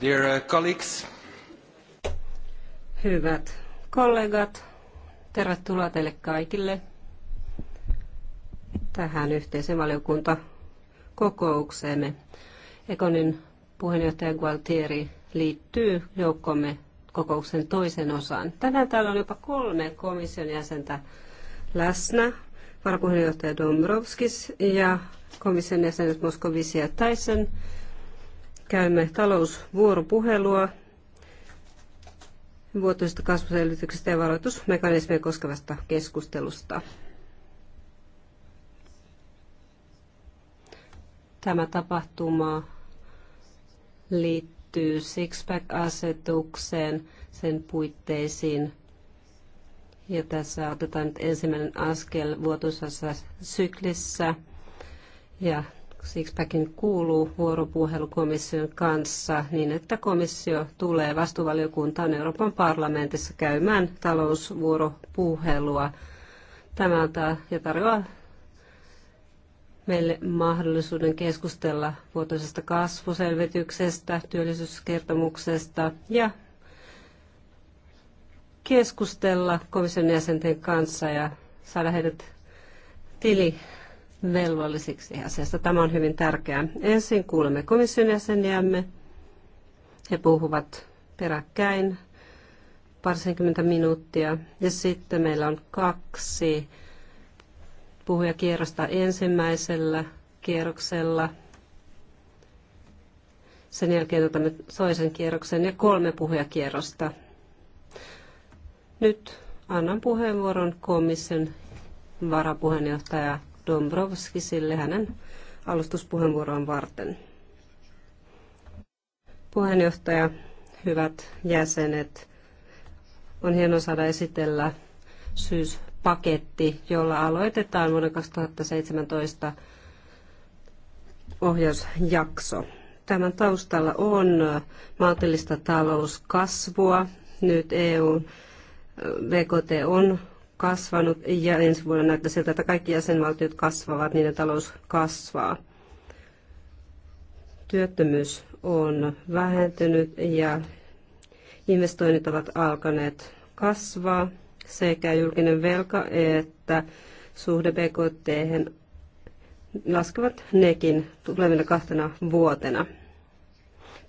Dear uh, colleagues. Hyvät kollegat, tervetuloa teille kaikille tähän yhteisen valiokuntakokoukseemme. Ekonin puheenjohtaja Gualtieri liittyy joukkomme kokouksen toisen osaan. Tänään täällä on jopa kolme komission jäsentä läsnä. Varapuheenjohtaja Dombrovskis ja komission jäsenet Moskovisi ja Tyson käymme talousvuoropuhelua vuotuisesta kasvuselvityksestä ja varoitusmekanismeja koskevasta keskustelusta. Tämä tapahtuma liittyy Sixpack-asetukseen, sen puitteisiin. Ja tässä otetaan nyt ensimmäinen askel vuotuisessa syklissä. Ja Sixpackin kuuluu vuoropuhelu komission kanssa niin, että komissio tulee vastuuvaliokuntaan Euroopan parlamentissa käymään talousvuoropuhelua. Tämä antaa ja tarjoaa meille mahdollisuuden keskustella vuotuisesta kasvuselvityksestä, työllisyyskertomuksesta ja keskustella komission jäsenten kanssa ja saada heidät tili velvollisiksi asiassa. Tämä on hyvin tärkeää. Ensin kuulemme komission jäseniämme. He puhuvat peräkkäin parisenkymmentä minuuttia. Ja sitten meillä on kaksi puhujakierrosta ensimmäisellä kierroksella. Sen jälkeen otamme toisen kierroksen ja kolme puhujakierrosta. Nyt annan puheenvuoron komission varapuheenjohtaja Dombrovskisille hänen alustuspuheenvuoroon varten. Puheenjohtaja, hyvät jäsenet, on hienoa saada esitellä syyspaketti, jolla aloitetaan vuonna 2017 ohjausjakso. Tämän taustalla on maltillista talouskasvua. Nyt EU VKT on kasvanut ja ensi vuonna näyttää siltä, että kaikki jäsenvaltiot kasvavat, niiden talous kasvaa. Työttömyys on vähentynyt ja investoinnit ovat alkaneet kasvaa. Sekä julkinen velka että suhde BKT laskevat nekin tulevina kahtena vuotena.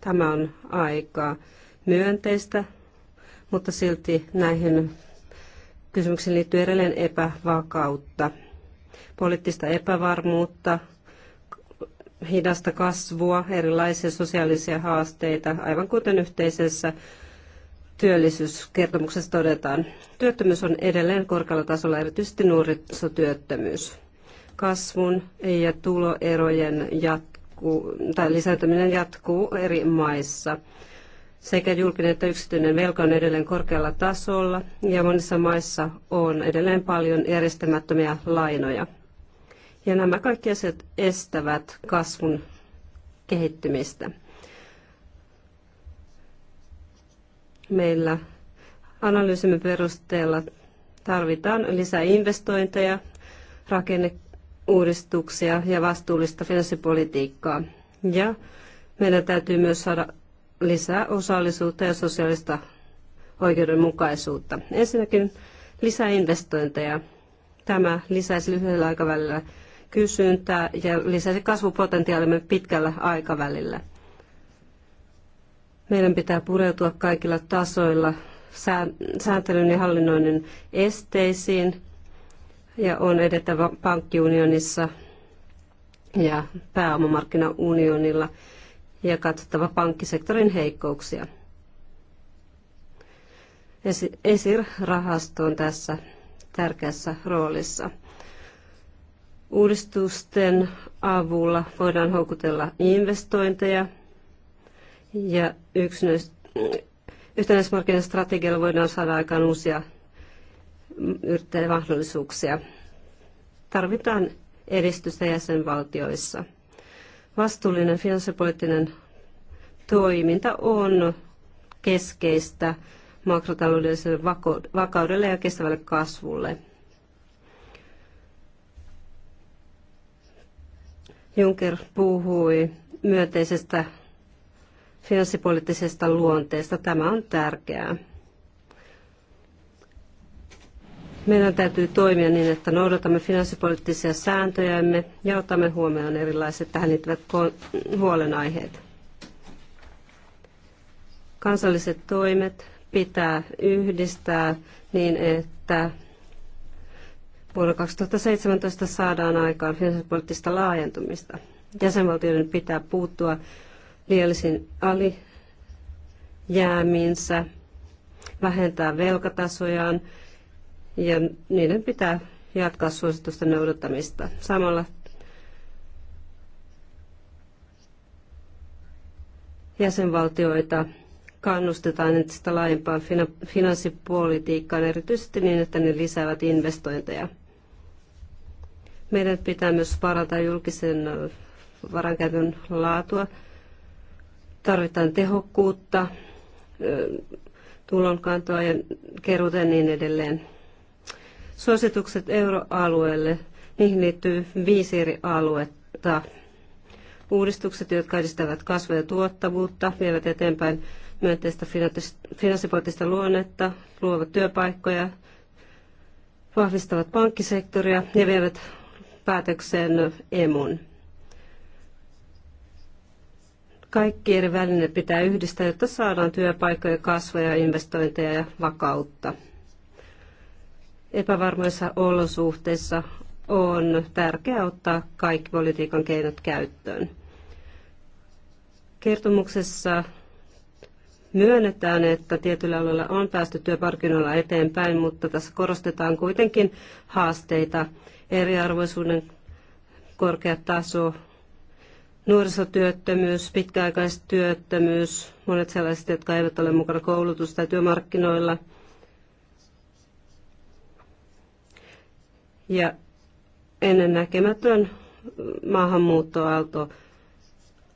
Tämä on aika myönteistä, mutta silti näihin Kysymykseen liittyy edelleen epävakautta, poliittista epävarmuutta, hidasta kasvua, erilaisia sosiaalisia haasteita, aivan kuten yhteisessä työllisyyskertomuksessa todetaan. Työttömyys on edelleen korkealla tasolla, erityisesti nuorisotyöttömyys. Kasvun ja tuloerojen jatku, tai lisäytyminen jatkuu eri maissa. Sekä julkinen että yksityinen velka on edelleen korkealla tasolla ja monissa maissa on edelleen paljon järjestämättömiä lainoja. Ja nämä kaikki asiat estävät kasvun kehittymistä. Meillä analyysimme perusteella tarvitaan lisää investointeja, rakenneuudistuksia ja vastuullista finanssipolitiikkaa. Ja meidän täytyy myös saada lisää osallisuutta ja sosiaalista oikeudenmukaisuutta. Ensinnäkin lisää investointeja. Tämä lisäisi lyhyellä aikavälillä kysyntää ja lisäisi kasvupotentiaalimme pitkällä aikavälillä. Meidän pitää pureutua kaikilla tasoilla sääntelyn ja hallinnoinnin esteisiin ja on edettävä pankkiunionissa ja pääomamarkkinaunionilla ja katsottava pankkisektorin heikkouksia. ESIR-rahasto on tässä tärkeässä roolissa. Uudistusten avulla voidaan houkutella investointeja ja strategialla voidaan saada aikaan uusia yrittäjämahdollisuuksia. Tarvitaan edistystä jäsenvaltioissa – Vastuullinen finanssipoliittinen toiminta on keskeistä makrotaloudelliselle vakaudelle ja kestävälle kasvulle. Juncker puhui myönteisestä finanssipoliittisesta luonteesta. Tämä on tärkeää. Meidän täytyy toimia niin, että noudatamme finanssipoliittisia sääntöjämme ja otamme huomioon erilaiset tähän liittyvät huolenaiheet. Kansalliset toimet pitää yhdistää niin, että vuonna 2017 saadaan aikaan finanssipoliittista laajentumista. Jäsenvaltioiden pitää puuttua liiallisiin alijäämiinsä, vähentää velkatasojaan ja niiden pitää jatkaa suositusta noudattamista. Samalla jäsenvaltioita kannustetaan entistä laajempaan finanssipolitiikkaan, erityisesti niin, että ne lisäävät investointeja. Meidän pitää myös parantaa julkisen varankäytön laatua. Tarvitaan tehokkuutta, tulonkantoa ja keruuta niin edelleen. Suositukset euroalueelle, niihin liittyy viisi eri aluetta. Uudistukset, jotka edistävät kasvua ja tuottavuutta, vievät eteenpäin myönteistä finanssipoliittista luonnetta, luovat työpaikkoja, vahvistavat pankkisektoria ja vievät päätökseen emun. Kaikki eri välineet pitää yhdistää, jotta saadaan työpaikkoja, kasvoja, investointeja ja vakautta epävarmoissa olosuhteissa on tärkeää ottaa kaikki politiikan keinot käyttöön. Kertomuksessa myönnetään, että tietyllä aloilla on päästy työmarkkinoilla eteenpäin, mutta tässä korostetaan kuitenkin haasteita. Eriarvoisuuden korkea taso, nuorisotyöttömyys, pitkäaikaistyöttömyys, monet sellaiset, jotka eivät ole mukana koulutus- tai työmarkkinoilla – ja ennen näkemätön maahanmuuttoaalto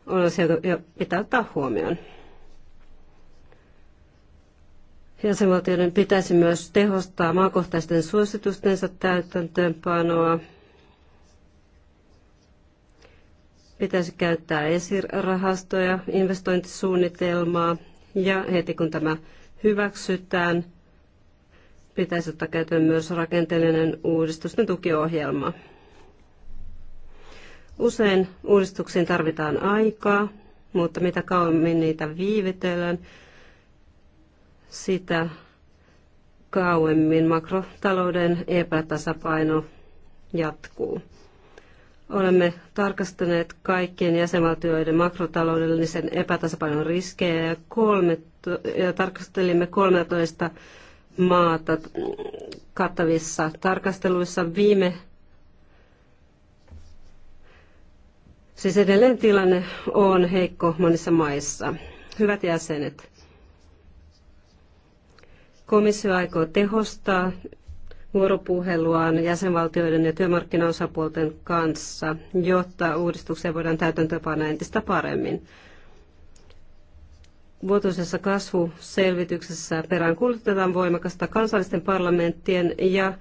on asia, joka pitää ottaa huomioon. Jäsenvaltioiden pitäisi myös tehostaa maakohtaisten suositustensa täytäntöönpanoa. Pitäisi käyttää esirahastoja, investointisuunnitelmaa ja heti kun tämä hyväksytään – pitäisi ottaa käyttöön myös rakenteellinen uudistusten tukiohjelma. Usein uudistuksiin tarvitaan aikaa, mutta mitä kauemmin niitä viivitellään, sitä kauemmin makrotalouden epätasapaino jatkuu. Olemme tarkastaneet kaikkien jäsenvaltioiden makrotaloudellisen epätasapainon riskejä ja, kolme, ja tarkastelimme 13 maata kattavissa tarkasteluissa viime Siis edelleen tilanne on heikko monissa maissa. Hyvät jäsenet, komissio aikoo tehostaa vuoropuheluaan jäsenvaltioiden ja työmarkkinaosapuolten kanssa, jotta uudistuksia voidaan täytäntöönpanna entistä paremmin vuotuisessa kasvuselvityksessä peräänkuulutetaan voimakasta kansallisten parlamenttien ja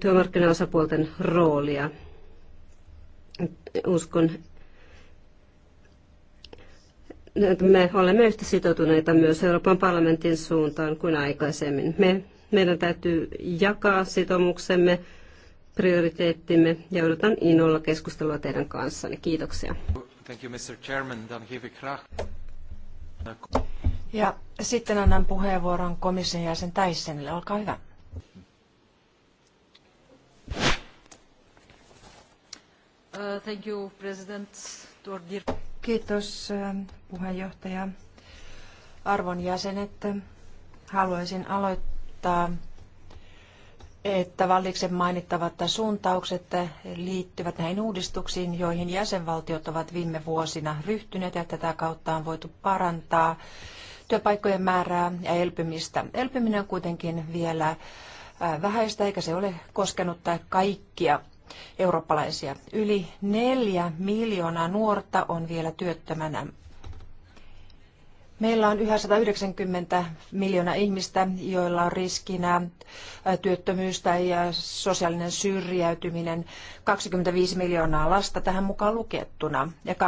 työmarkkinaosapuolten roolia. Uskon, että me olemme yhtä sitoutuneita myös Euroopan parlamentin suuntaan kuin aikaisemmin. Me, meidän täytyy jakaa sitoumuksemme, prioriteettimme ja odotan innolla keskustelua teidän kanssanne. Kiitoksia. Thank you, Mr. Chairman. Ja sitten annan puheenvuoron komission jäsen Täissenille. Olkaa hyvä. Uh, thank you, President. Kiitos uh, puheenjohtaja. Arvon jäsenet, haluaisin aloittaa että Valliksen mainittavat suuntaukset liittyvät näihin uudistuksiin, joihin jäsenvaltiot ovat viime vuosina ryhtyneet ja tätä kautta on voitu parantaa työpaikkojen määrää ja elpymistä. Elpyminen on kuitenkin vielä äh, vähäistä eikä se ole koskenut kaikkia eurooppalaisia. Yli neljä miljoonaa nuorta on vielä työttömänä Meillä on yhä 190 miljoonaa ihmistä, joilla on riskinä työttömyys tai sosiaalinen syrjäytyminen, 25 miljoonaa lasta tähän mukaan lukettuna ja 23,7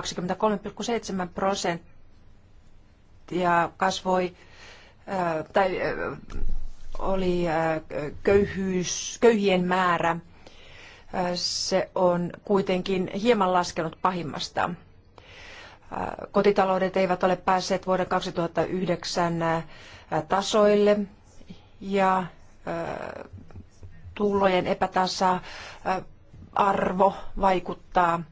prosenttia kasvoi tai oli köyhyys, köyhien määrä. Se on kuitenkin hieman laskenut pahimmasta. Kotitaloudet eivät ole päässeet vuoden 2009 äh, tasoille ja äh, tulojen epätasa-arvo äh, vaikuttaa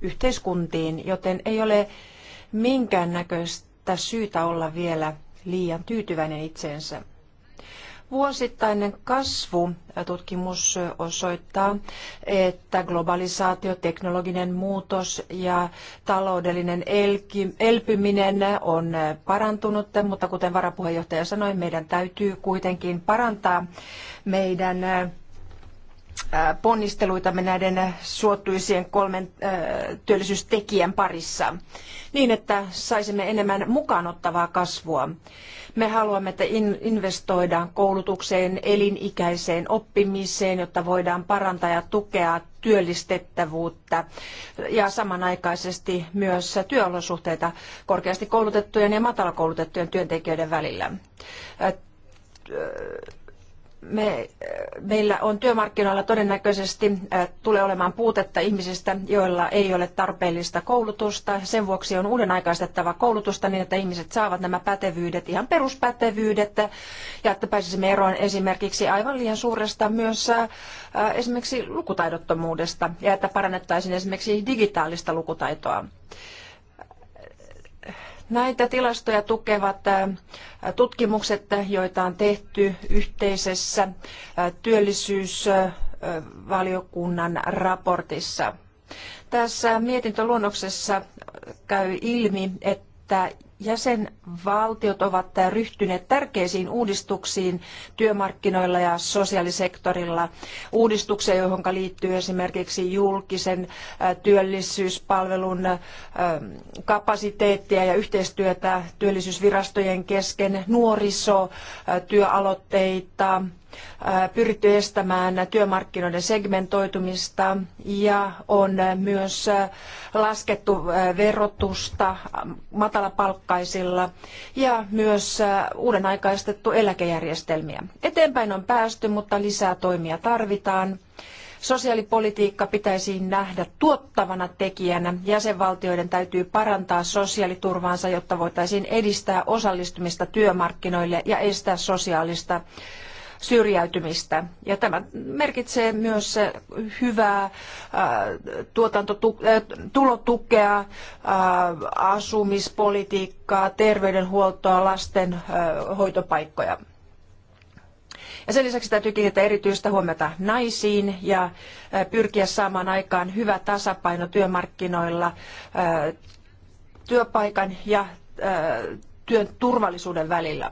yhteiskuntiin, joten ei ole minkäännäköistä syytä olla vielä liian tyytyväinen itseensä. Vuosittainen kasvututkimus osoittaa, että globalisaatio, teknologinen muutos ja taloudellinen elpyminen on parantunut, mutta kuten varapuheenjohtaja sanoi, meidän täytyy kuitenkin parantaa meidän Äh, ponnisteluitamme näiden suotuisien kolmen äh, työllisyystekijän parissa, niin että saisimme enemmän mukaanottavaa kasvua. Me haluamme, että investoidaan koulutukseen, elinikäiseen oppimiseen, jotta voidaan parantaa ja tukea työllistettävyyttä ja samanaikaisesti myös työolosuhteita korkeasti koulutettujen ja matalakoulutettujen työntekijöiden välillä äh, me, meillä on työmarkkinoilla todennäköisesti äh, tulee olemaan puutetta ihmisistä, joilla ei ole tarpeellista koulutusta. Sen vuoksi on uuden aikaistettava koulutusta niin, että ihmiset saavat nämä pätevyydet, ihan peruspätevyydet, ja että pääsisimme eroon esimerkiksi aivan liian suuresta myös äh, esimerkiksi lukutaidottomuudesta, ja että parannettaisiin esimerkiksi digitaalista lukutaitoa. Näitä tilastoja tukevat tutkimukset, joita on tehty yhteisessä työllisyysvaliokunnan raportissa. Tässä mietintöluonnoksessa käy ilmi, että jäsenvaltiot ovat ryhtyneet tärkeisiin uudistuksiin työmarkkinoilla ja sosiaalisektorilla. Uudistuksia, johon liittyy esimerkiksi julkisen työllisyyspalvelun kapasiteettia ja yhteistyötä työllisyysvirastojen kesken, nuoriso, työaloitteita, Äh, pyritty estämään työmarkkinoiden segmentoitumista ja on myös äh, laskettu äh, verotusta ähm, matalapalkkaisilla ja myös uuden eläkejärjestelmiä. Eteenpäin on päästy, mutta lisää toimia tarvitaan. Sosiaalipolitiikka pitäisi nähdä tuottavana tekijänä. Jäsenvaltioiden täytyy parantaa sosiaaliturvaansa, jotta voitaisiin edistää osallistumista työmarkkinoille ja estää sosiaalista syrjäytymistä. Ja tämä merkitsee myös hyvää äh, äh, tulotukea, äh, asumispolitiikkaa, terveydenhuoltoa, lasten hoitopaikkoja. Ja sen lisäksi täytyy kiinnittää erityistä huomiota naisiin ja pyrkiä saamaan aikaan hyvä tasapaino työmarkkinoilla työpaikan ja työn turvallisuuden välillä.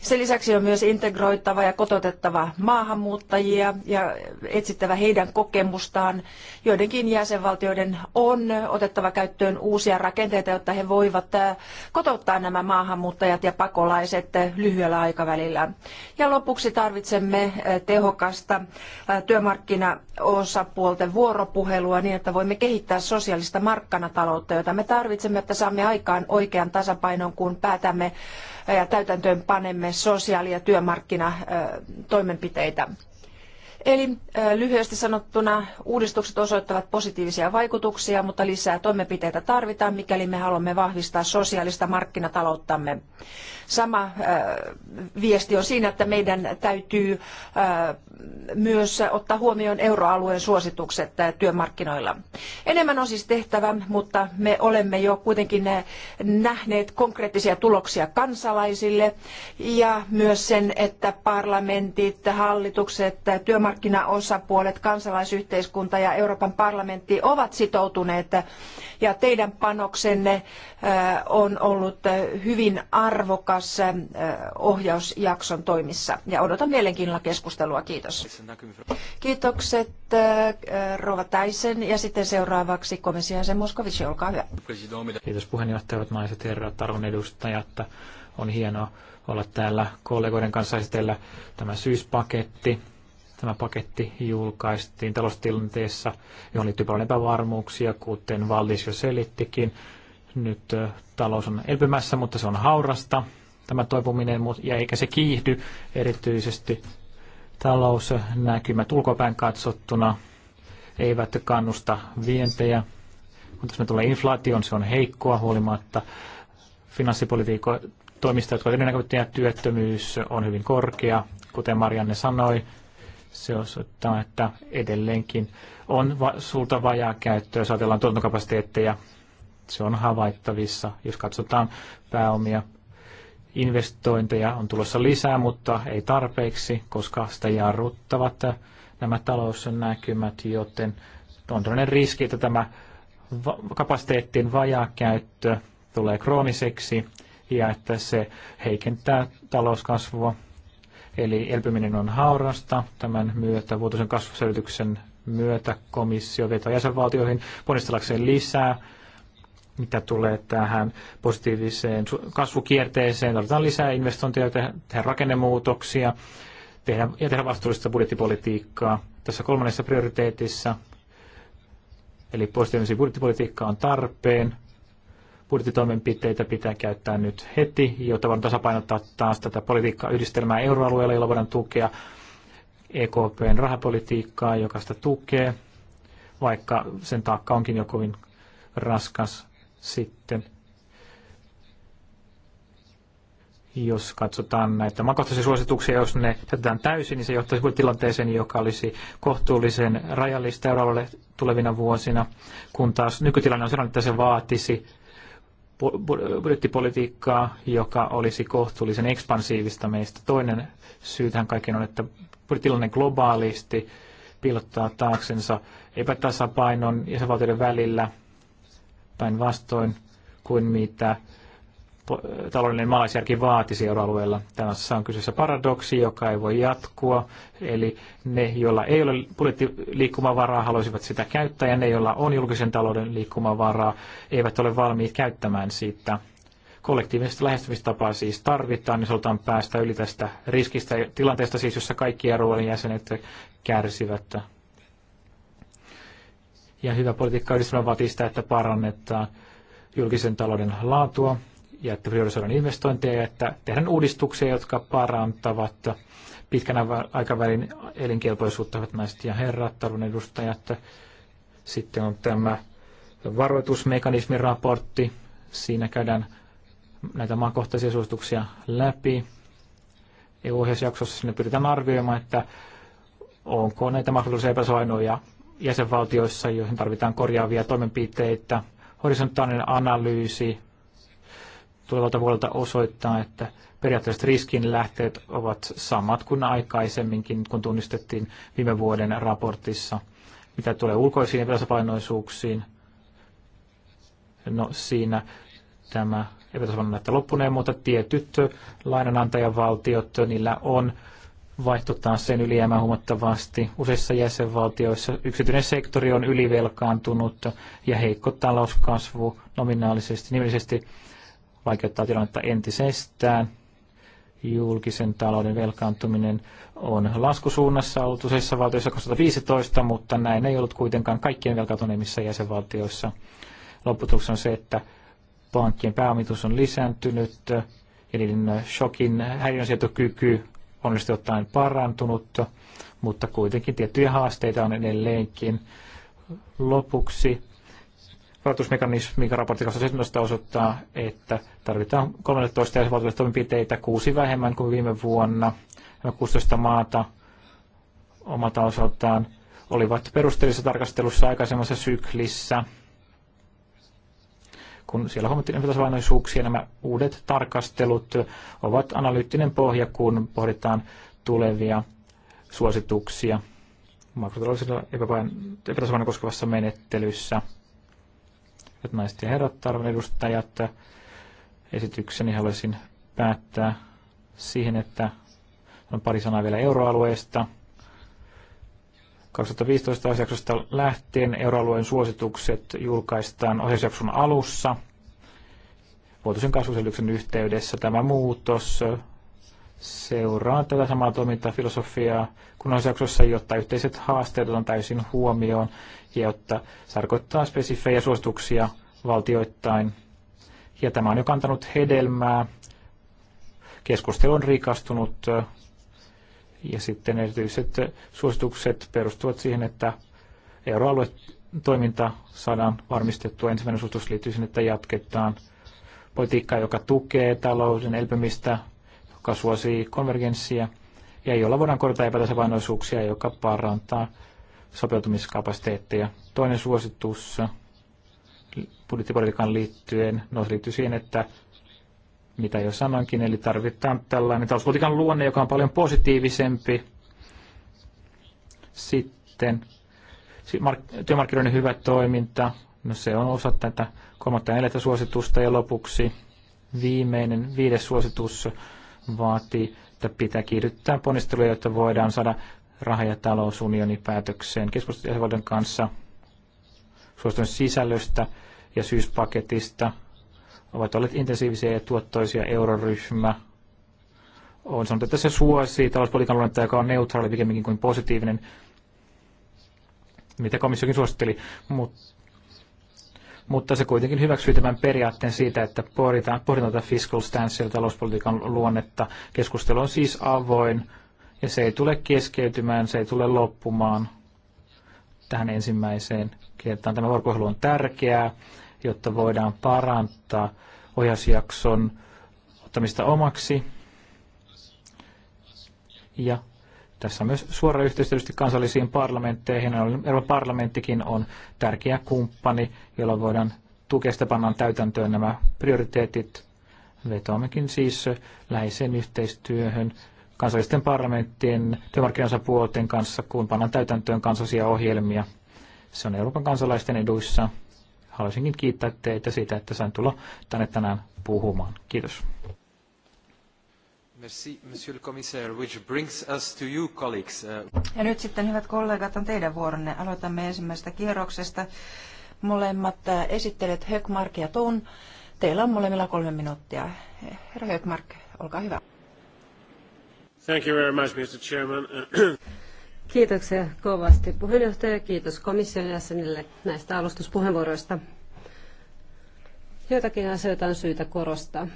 Sen lisäksi on myös integroittava ja kotoutettava maahanmuuttajia ja etsittävä heidän kokemustaan. Joidenkin jäsenvaltioiden on otettava käyttöön uusia rakenteita, jotta he voivat äh, kotouttaa nämä maahanmuuttajat ja pakolaiset äh, lyhyellä aikavälillä. Ja lopuksi tarvitsemme äh, tehokasta työmarkkinaosapuolten vuoropuhelua niin, että voimme kehittää sosiaalista markkinataloutta, jota me tarvitsemme, että saamme aikaan oikean tasapainon, kun päätämme ja täytäntöön panemme sosiaali- ja työmarkkinatoimenpiteitä. Eli lyhyesti sanottuna uudistukset osoittavat positiivisia vaikutuksia, mutta lisää toimenpiteitä tarvitaan, mikäli me haluamme vahvistaa sosiaalista markkinatalouttamme. Sama äh, viesti on siinä, että meidän täytyy äh, myös ottaa huomioon euroalueen suositukset äh, työmarkkinoilla. Enemmän on siis tehtävä, mutta me olemme jo kuitenkin nähneet konkreettisia tuloksia kansalaisille ja myös sen, että parlamentit, hallitukset, työmarkkinaosapuolet, kansalaisyhteiskunta ja Euroopan parlamentti ovat sitoutuneet ja teidän panoksenne on ollut hyvin arvokas taas ohjausjakson toimissa. Ja odotan mielenkiinnolla keskustelua. Kiitos. Kiitokset Rova Täisen ja sitten seuraavaksi komissiaisen Moskovici, olkaa hyvä. Kiitos puheenjohtajat, naiset, herrat, arvon edustajat. On hienoa olla täällä kollegoiden kanssa esitellä tämä syyspaketti. Tämä paketti julkaistiin taloustilanteessa, johon liittyy paljon epävarmuuksia, kuten Valdis jo selittikin. Nyt talous on elpymässä, mutta se on haurasta tämä toipuminen, ja eikä se kiihdy erityisesti talousnäkymät ulkopäin katsottuna eivät kannusta vientejä. Mutta jos me tulee inflaation, se on heikkoa huolimatta finanssipolitiikko toimista, jotka ovat työttömyys on hyvin korkea. Kuten Marianne sanoi, se osoittaa, että edelleenkin on va- sulta vajaa käyttöä, jos ajatellaan tuotantokapasiteetteja. Se on havaittavissa, jos katsotaan pääomia investointeja on tulossa lisää, mutta ei tarpeeksi, koska sitä jarruttavat nämä talousnäkymät, joten on todellinen riski, että tämä kapasiteettin vajakäyttö tulee krooniseksi ja että se heikentää talouskasvua. Eli elpyminen on haurasta tämän myötä, vuotuisen kasvuselityksen myötä komissio vetää jäsenvaltioihin ponnistellakseen lisää mitä tulee tähän positiiviseen kasvukierteeseen. Tarvitaan lisää investointeja, tehdään rakennemuutoksia tehdä, ja tehdä vastuullista budjettipolitiikkaa. Tässä kolmannessa prioriteetissa, eli positiivinen budjettipolitiikka on tarpeen. Budjettitoimenpiteitä pitää käyttää nyt heti, jotta voidaan tasapainottaa taas tätä politiikkaa yhdistelmää euroalueella, jolla voidaan tukea EKPn rahapolitiikkaa, joka sitä tukee, vaikka sen taakka onkin jo kovin raskas. Sitten jos katsotaan näitä makohtaisia suosituksia, jos ne täytetään täysin, niin se johtaisi tilanteeseen, joka olisi kohtuullisen rajallista euroalueelle tulevina vuosina, kun taas nykytilanne on sellainen, että se vaatisi budjettipolitiikkaa, joka olisi kohtuullisen ekspansiivista meistä. Toinen syy tähän kaikkeen on, että budjettilanne globaalisti piilottaa taaksensa epätasapainon jäsenvaltioiden välillä – päinvastoin kuin mitä taloudellinen maalaisjärki vaatisi euroalueella. Tässä on kyseessä paradoksi, joka ei voi jatkua. Eli ne, joilla ei ole budjettiliikkumavaraa, haluaisivat sitä käyttää, ja ne, joilla on julkisen talouden liikkumavaraa, eivät ole valmiit käyttämään siitä. Kollektiivista lähestymistapaa siis tarvitaan, niin halutaan päästä yli tästä riskistä tilanteesta, siis jossa kaikki euroalueen jäsenet kärsivät. Ja hyvä politiikka yhdistelmä vaatii sitä, että parannetaan julkisen talouden laatua ja että priorisoidaan investointeja ja että tehdään uudistuksia, jotka parantavat pitkän aikavälin elinkelpoisuutta, hyvät naiset ja herrat, arvon edustajat. Sitten on tämä varoitusmekanismin raportti. Siinä käydään näitä maakohtaisia suosituksia läpi. EU-ohjausjaksossa sinne pyritään arvioimaan, että onko näitä mahdollisia epäsoinoja jäsenvaltioissa, joihin tarvitaan korjaavia toimenpiteitä. Horisontaalinen analyysi tulevalta vuodelta osoittaa, että periaatteessa riskin lähteet ovat samat kuin aikaisemminkin, kun tunnistettiin viime vuoden raportissa. Mitä tulee ulkoisiin epätasapainoisuuksiin, no siinä tämä epätasapaino näyttää loppuneen, mutta tietyt lainanantajavaltiot, niillä on vaihtottaa sen ylijäämää huomattavasti. Useissa jäsenvaltioissa yksityinen sektori on ylivelkaantunut ja heikko talouskasvu nominaalisesti, nimellisesti vaikeuttaa tilannetta entisestään. Julkisen talouden velkaantuminen on laskusuunnassa ollut useissa valtioissa 2015, mutta näin ei ollut kuitenkaan kaikkien velkaantuneimmissa jäsenvaltioissa. Lopputuloksena on se, että pankkien pääomitus on lisääntynyt ja niiden shokin häiriönsietokyky onnistu jotain parantunut, mutta kuitenkin tiettyjä haasteita on edelleenkin. Lopuksi varoitusmekanismin raportti 2017 osoittaa, että tarvitaan 13 jäsenvaltiotoimenpiteitä, kuusi vähemmän kuin viime vuonna. Nämä 16 maata omalta osaltaan olivat perusteellisessa tarkastelussa aikaisemmassa syklissä – kun siellä huomattiin epätasapainoisuuksia, nämä uudet tarkastelut ovat analyyttinen pohja, kun pohditaan tulevia suosituksia makrotaloudellisella epätasapainoa koskevassa menettelyssä. Että naiset ja herrat, arvon edustajat, esitykseni haluaisin päättää siihen, että on pari sanaa vielä euroalueesta – 2015 ohjausjaksosta lähtien euroalueen suositukset julkaistaan ohjausjakson alussa vuotuisen kasvuselityksen yhteydessä. Tämä muutos seuraa tätä samaa toimintafilosofiaa kun ohjausjaksossa, jotta yhteiset haasteet on täysin huomioon ja jotta tarkoittaa spesifejä suosituksia valtioittain. Ja tämä on jo kantanut hedelmää. Keskustelu on rikastunut ja sitten erityiset suositukset perustuvat siihen, että euroalue toiminta saadaan varmistettua. Ensimmäinen suositus liittyy siihen, että jatketaan politiikkaa, joka tukee talouden elpymistä, joka suosii konvergenssia ja jolla voidaan korjata epätasapainoisuuksia, joka parantaa sopeutumiskapasiteetteja. Toinen suositus budjettipolitiikan liittyen no, liittyy siihen, että mitä jo sanoinkin, eli tarvitaan tällainen talouspolitiikan luonne, joka on paljon positiivisempi. Sitten työmarkkinoiden hyvä toiminta, no se on osa tätä kolmatta ja neljättä suositusta ja lopuksi viimeinen viides suositus vaatii, että pitää kiihdyttää ponnisteluja, jotta voidaan saada raha- ja talousunioni päätökseen keskustelujen kanssa suositun sisällöstä ja syyspaketista ovat olleet intensiivisiä ja tuottoisia. Euroryhmä on sanonut, että se suosii talouspolitiikan luonnetta, joka on neutraali pikemminkin kuin positiivinen, mitä komissiokin suositteli. Mut, mutta se kuitenkin hyväksyi tämän periaatteen siitä, että pohditaan, pohditaan tätä fiscal stance ja talouspolitiikan luonnetta. Keskustelu on siis avoin ja se ei tule keskeytymään, se ei tule loppumaan tähän ensimmäiseen kertaan. Tämä vuoropuhelu on tärkeää jotta voidaan parantaa ohjausjakson ottamista omaksi. Ja tässä on myös suora yhteys kansallisiin parlamentteihin. Euroopan parlamenttikin on tärkeä kumppani, jolla voidaan tukea sitä pannaan täytäntöön nämä prioriteetit. Vetoammekin siis läheiseen yhteistyöhön kansallisten parlamenttien työmarkkinaosapuolten kanssa, kun pannaan täytäntöön kansallisia ohjelmia. Se on Euroopan kansalaisten eduissa haluaisinkin kiittää teitä siitä, että sain tulla tänne tänään puhumaan. Kiitos. Merci, monsieur le commissaire, which brings us to you, colleagues. Ja nyt sitten, hyvät kollegat, on teidän vuoronne. Aloitamme ensimmäisestä kierroksesta. Molemmat äh, esittelijät Högmark ja Tun. Teillä on molemmilla kolme minuuttia. Herra Högmark, olkaa hyvä. Thank you very much, Mr. Chairman. Kiitoksia kovasti puheenjohtaja ja kiitos komission jäsenille näistä alustuspuheenvuoroista. Joitakin asioita on syytä korostaa.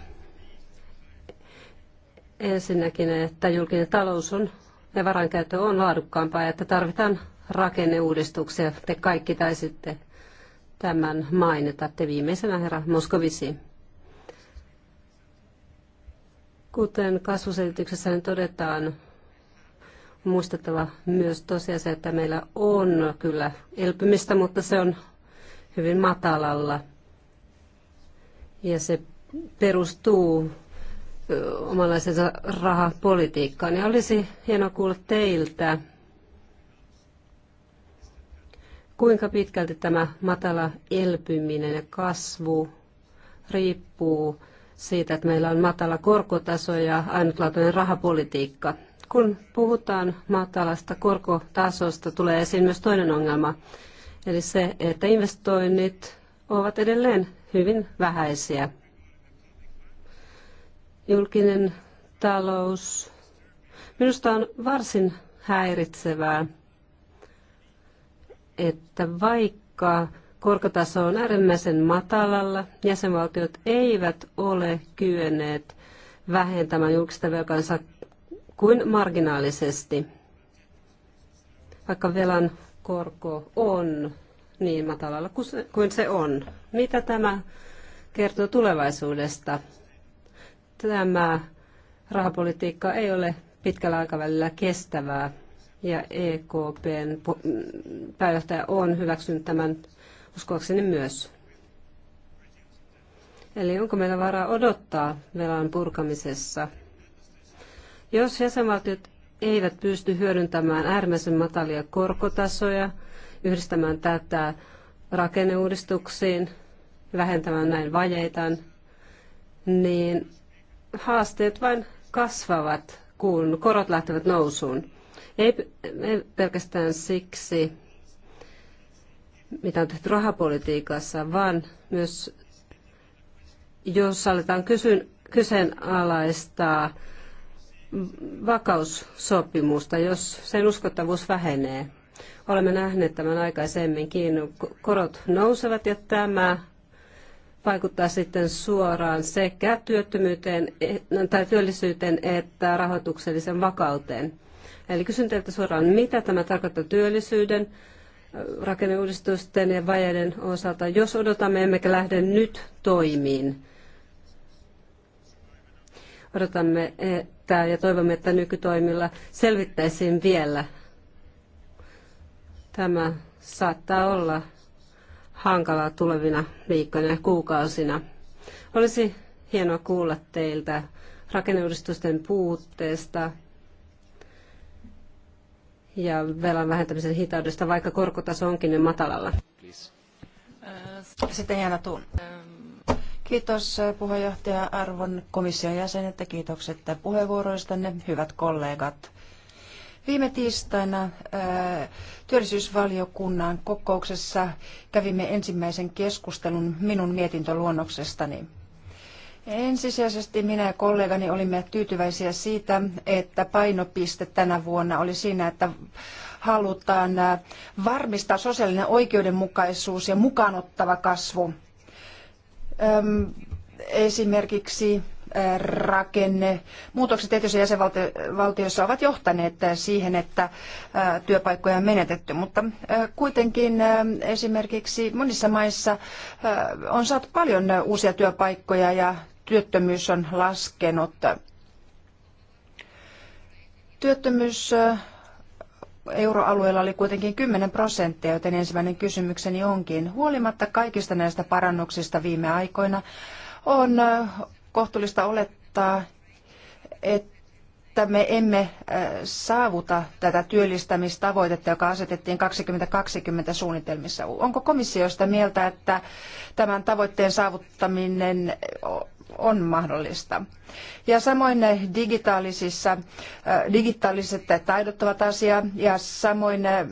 Ensinnäkin, että julkinen talous on ja varankäyttö on laadukkaampaa ja että tarvitaan rakenneuudistuksia. Te kaikki taisitte tämän mainita, te viimeisenä herra Moskovisi. Kuten kasvuselityksessä todetaan, muistettava myös se, että meillä on kyllä elpymistä, mutta se on hyvin matalalla. Ja se perustuu omanlaisensa rahapolitiikkaan. Ja olisi hienoa kuulla teiltä, kuinka pitkälti tämä matala elpyminen ja kasvu riippuu siitä, että meillä on matala korkotaso ja ainutlaatuinen rahapolitiikka. Kun puhutaan matalasta korkotasosta, tulee esiin myös toinen ongelma, eli se, että investoinnit ovat edelleen hyvin vähäisiä. Julkinen talous minusta on varsin häiritsevää, että vaikka korkotaso on äärimmäisen matalalla, jäsenvaltiot eivät ole kyenneet vähentämään julkista velkansa kuin marginaalisesti. Vaikka velan korko on niin matalalla kuin se on. Mitä tämä kertoo tulevaisuudesta? Tämä rahapolitiikka ei ole pitkällä aikavälillä kestävää ja EKPn pääjohtaja on hyväksynyt tämän uskoakseni myös. Eli onko meillä varaa odottaa velan purkamisessa – jos jäsenvaltiot eivät pysty hyödyntämään äärimmäisen matalia korkotasoja, yhdistämään tätä rakenneuudistuksiin, vähentämään näin vajeitaan, niin haasteet vain kasvavat, kun korot lähtevät nousuun. Ei, ei pelkästään siksi, mitä on tehty rahapolitiikassa, vaan myös jos aletaan kysyn, kyseenalaistaa vakaussopimusta, jos sen uskottavuus vähenee. Olemme nähneet tämän aikaisemminkin. Korot nousevat ja tämä vaikuttaa sitten suoraan sekä työttömyyteen eh, tai työllisyyteen että rahoituksellisen vakauteen. Eli kysyn teiltä suoraan, mitä tämä tarkoittaa työllisyyden, eh, rakenneuudistusten ja vajeiden osalta, jos odotamme emmekä lähde nyt toimiin. Odotamme, eh, selvittää ja toivomme, että nykytoimilla selvittäisiin vielä. Tämä saattaa olla hankalaa tulevina viikkoina ja kuukausina. Olisi hienoa kuulla teiltä rakenneuudistusten puutteesta ja velan vähentämisen hitaudesta, vaikka korkotaso onkin jo matalalla. Sitten Jana Tuun. Kiitos puheenjohtaja Arvon komission jäsenet ja kiitokset puheenvuoroistanne, hyvät kollegat. Viime tiistaina äh, työllisyysvaliokunnan kokouksessa kävimme ensimmäisen keskustelun minun mietintöluonnoksestani. Ensisijaisesti minä ja kollegani olimme tyytyväisiä siitä, että painopiste tänä vuonna oli siinä, että halutaan äh, varmistaa sosiaalinen oikeudenmukaisuus ja mukaanottava kasvu esimerkiksi rakenne. Muutokset tietyissä jäsenvaltioissa ovat johtaneet siihen, että työpaikkoja on menetetty, mutta kuitenkin esimerkiksi monissa maissa on saatu paljon uusia työpaikkoja ja työttömyys on laskenut. Työttömyys euroalueella oli kuitenkin 10 prosenttia, joten ensimmäinen kysymykseni onkin, huolimatta kaikista näistä parannuksista viime aikoina, on kohtuullista olettaa, että me emme saavuta tätä työllistämistavoitetta, joka asetettiin 2020 suunnitelmissa. Onko komissio sitä mieltä, että tämän tavoitteen saavuttaminen on mahdollista. Ja samoin ne digitaalisissa, äh, digitaaliset taidot ovat asia ja samoin äh,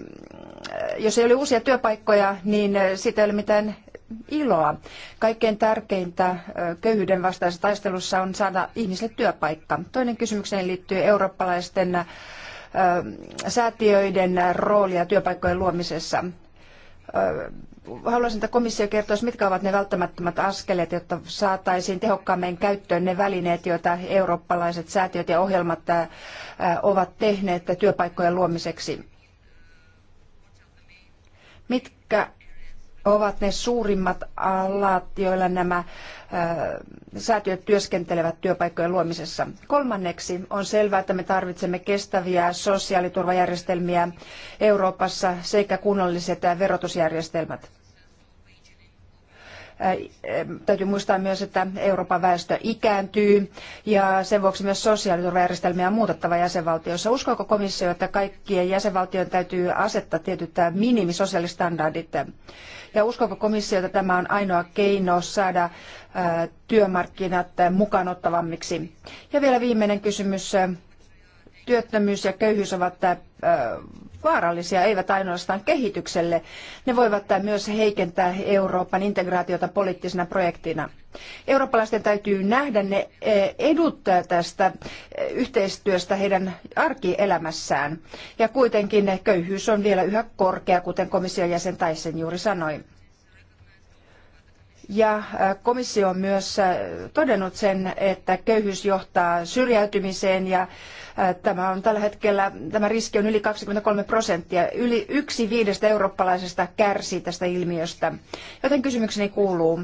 jos ei ole uusia työpaikkoja, niin äh, siitä ei ole mitään iloa. Kaikkein tärkeintä köyhyyden vastaisessa taistelussa on saada ihmisille työpaikka. Toinen kysymykseen liittyy eurooppalaisten säätiöiden roolia työpaikkojen luomisessa haluaisin, että komissio kertoisi, mitkä ovat ne välttämättömät askeleet, jotta saataisiin tehokkaammin käyttöön ne välineet, joita eurooppalaiset säätiöt ja ohjelmat äh, äh, ovat tehneet työpaikkojen luomiseksi. Mitkä ovat ne suurimmat alat, joilla nämä säätiöt työskentelevät työpaikkojen luomisessa. Kolmanneksi on selvää, että me tarvitsemme kestäviä sosiaaliturvajärjestelmiä Euroopassa sekä kunnolliset verotusjärjestelmät. Täytyy muistaa myös, että Euroopan väestö ikääntyy ja sen vuoksi myös sosiaaliturvajärjestelmiä on muutettava jäsenvaltioissa. Uskoako komissio, että kaikkien jäsenvaltioiden täytyy asettaa tietyt minimisosiaalistandardit? standardit? Ja uskoko komissio, että tämä on ainoa keino saada työmarkkinat mukaan ottavammiksi? Ja vielä viimeinen kysymys työttömyys ja köyhyys ovat äh, vaarallisia, eivät ainoastaan kehitykselle. Ne voivat äh, myös heikentää Euroopan integraatiota poliittisena projektina. Eurooppalaisten täytyy nähdä ne äh, edut tästä yhteistyöstä heidän arkielämässään. Ja kuitenkin köyhyys on vielä yhä korkea, kuten komission jäsen Taisen juuri sanoi. Ja komissio on myös todennut sen, että köyhyys johtaa syrjäytymiseen ja tämä on tällä hetkellä, tämä riski on yli 23 prosenttia. Yli yksi viidestä eurooppalaisesta kärsii tästä ilmiöstä. Joten kysymykseni kuuluu,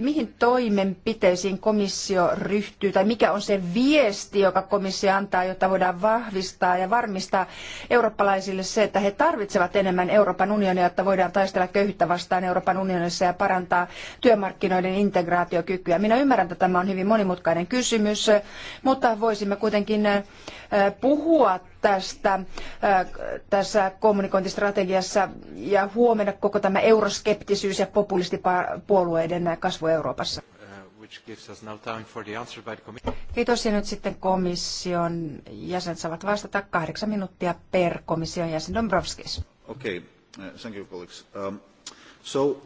mihin toimenpiteisiin komissio ryhtyy tai mikä on se viesti, joka komissio antaa, jotta voidaan vahvistaa ja varmistaa eurooppalaisille se, että he tarvitsevat enemmän Euroopan unionia, jotta voidaan taistella köyhyyttä vastaan Euroopan unionissa ja parantaa työmarkkinoiden integraatiokykyä. Minä ymmärrän, että tämä on hyvin monimutkainen kysymys, mutta voisimme kuitenkin puhua tästä tässä kommunikointistrategiassa ja huomenna koko tämä euroskeptisyys ja populistipuolueiden kasvu Euroopassa? Kiitos ja nyt sitten komission jäsenet saavat vastata kahdeksan minuuttia per komission jäsen Dombrovskis. Okay. Uh, thank you, colleagues. Um, so, uh,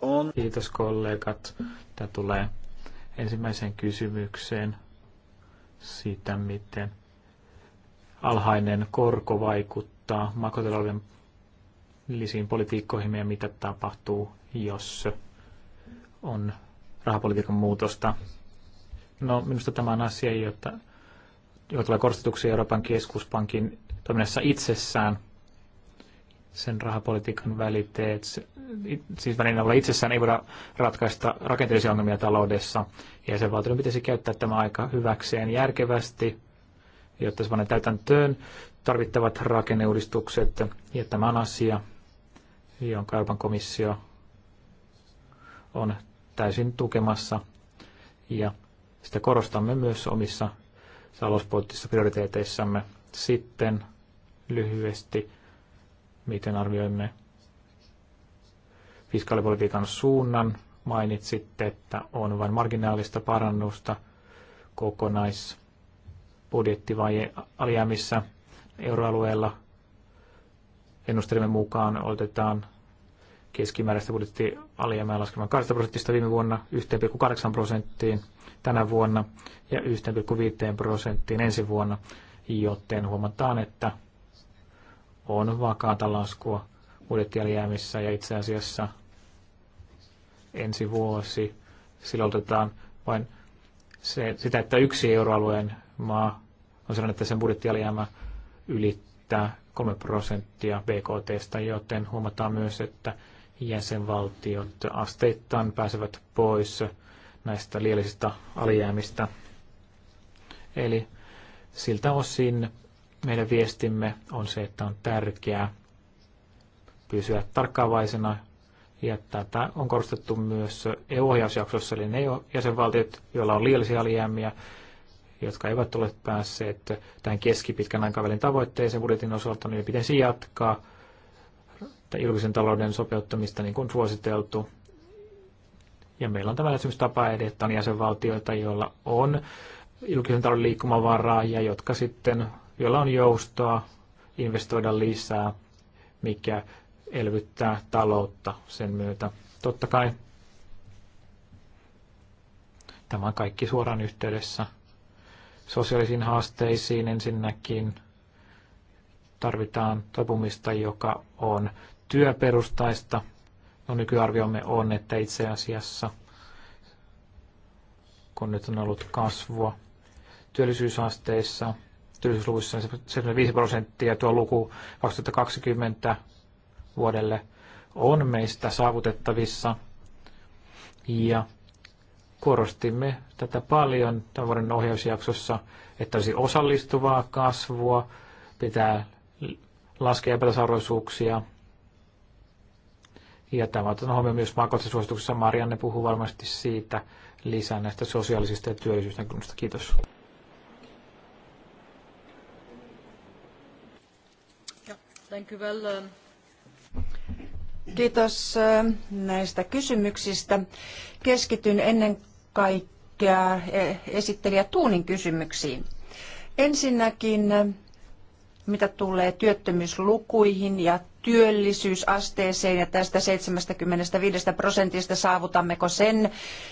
on... Kiitos kollegat. Tämä tulee ensimmäiseen kysymykseen siitä, miten alhainen korko vaikuttaa makrotalouden lisiin politiikkoihin ja mitä tapahtuu, jos on rahapolitiikan muutosta. No, minusta tämä on asia, jota, joka tulee korostetuksi Euroopan keskuspankin toiminnassa itsessään. Sen rahapolitiikan väliteet, siis välineellä itsessään ei voida ratkaista rakenteellisia ongelmia taloudessa. Ja sen valtion pitäisi käyttää tämä aika hyväkseen järkevästi jotta se pannaan täytäntöön tarvittavat rakenneuudistukset. Ja tämä on asia, jonka Euroopan komissio on täysin tukemassa. Ja sitä korostamme myös omissa talouspoliittisissa prioriteeteissamme. Sitten lyhyesti, miten arvioimme fiskaalipolitiikan suunnan. Mainitsitte, että on vain marginaalista parannusta kokonais budjettivaje alijäämissä euroalueella. Ennustelemme mukaan otetaan keskimääräistä budjettialijäämää laskemaan 2 prosentista viime vuonna 1,8 prosenttiin tänä vuonna ja 1,5 prosenttiin ensi vuonna, joten huomataan, että on vakaata laskua budjettialijäämissä ja itse asiassa ensi vuosi silloin otetaan vain se, sitä, että yksi euroalueen maa on sellainen, että sen budjettialijäämä ylittää 3 prosenttia BKTstä, joten huomataan myös, että jäsenvaltiot asteittain pääsevät pois näistä liiallisista alijäämistä. Eli siltä osin meidän viestimme on se, että on tärkeää pysyä tarkkaavaisena ja tätä on korostettu myös EU-ohjausjaksossa, eli ne jäsenvaltiot, joilla on liiallisia alijäämiä, jotka eivät ole päässeet tämän keskipitkän aikavälin tavoitteeseen budjetin osalta, niin pitäisi jatkaa julkisen talouden sopeuttamista niin kuin suositeltu. Ja meillä on tämä tapa että on jäsenvaltioita, joilla on julkisen talouden liikkumavaraa ja jotka sitten, joilla on joustoa investoida lisää, mikä elvyttää taloutta sen myötä. Totta kai tämä on kaikki suoraan yhteydessä sosiaalisiin haasteisiin ensinnäkin tarvitaan toipumista, joka on työperustaista. No nykyarviomme on, että itse asiassa, kun nyt on ollut kasvua työllisyysasteissa, työllisyysluvuissa 75 niin prosenttia, tuo luku 2020 vuodelle on meistä saavutettavissa. Ja korostimme tätä paljon tämän vuoden ohjausjaksossa, että olisi osallistuvaa kasvua, pitää laskea epätasarvoisuuksia. Ja tämä on huomioon myös maakohtaisessa suosituksessa. Marianne puhuu varmasti siitä lisää näistä sosiaalisista ja työllisyysnäkymistä. Kiitos. Ja, um, Kiitos näistä kysymyksistä. Keskityn ennen kaikkea e, esittelijä Tuunin kysymyksiin. Ensinnäkin, mitä tulee työttömyyslukuihin ja työllisyysasteeseen ja tästä 75 prosentista saavutammeko sen,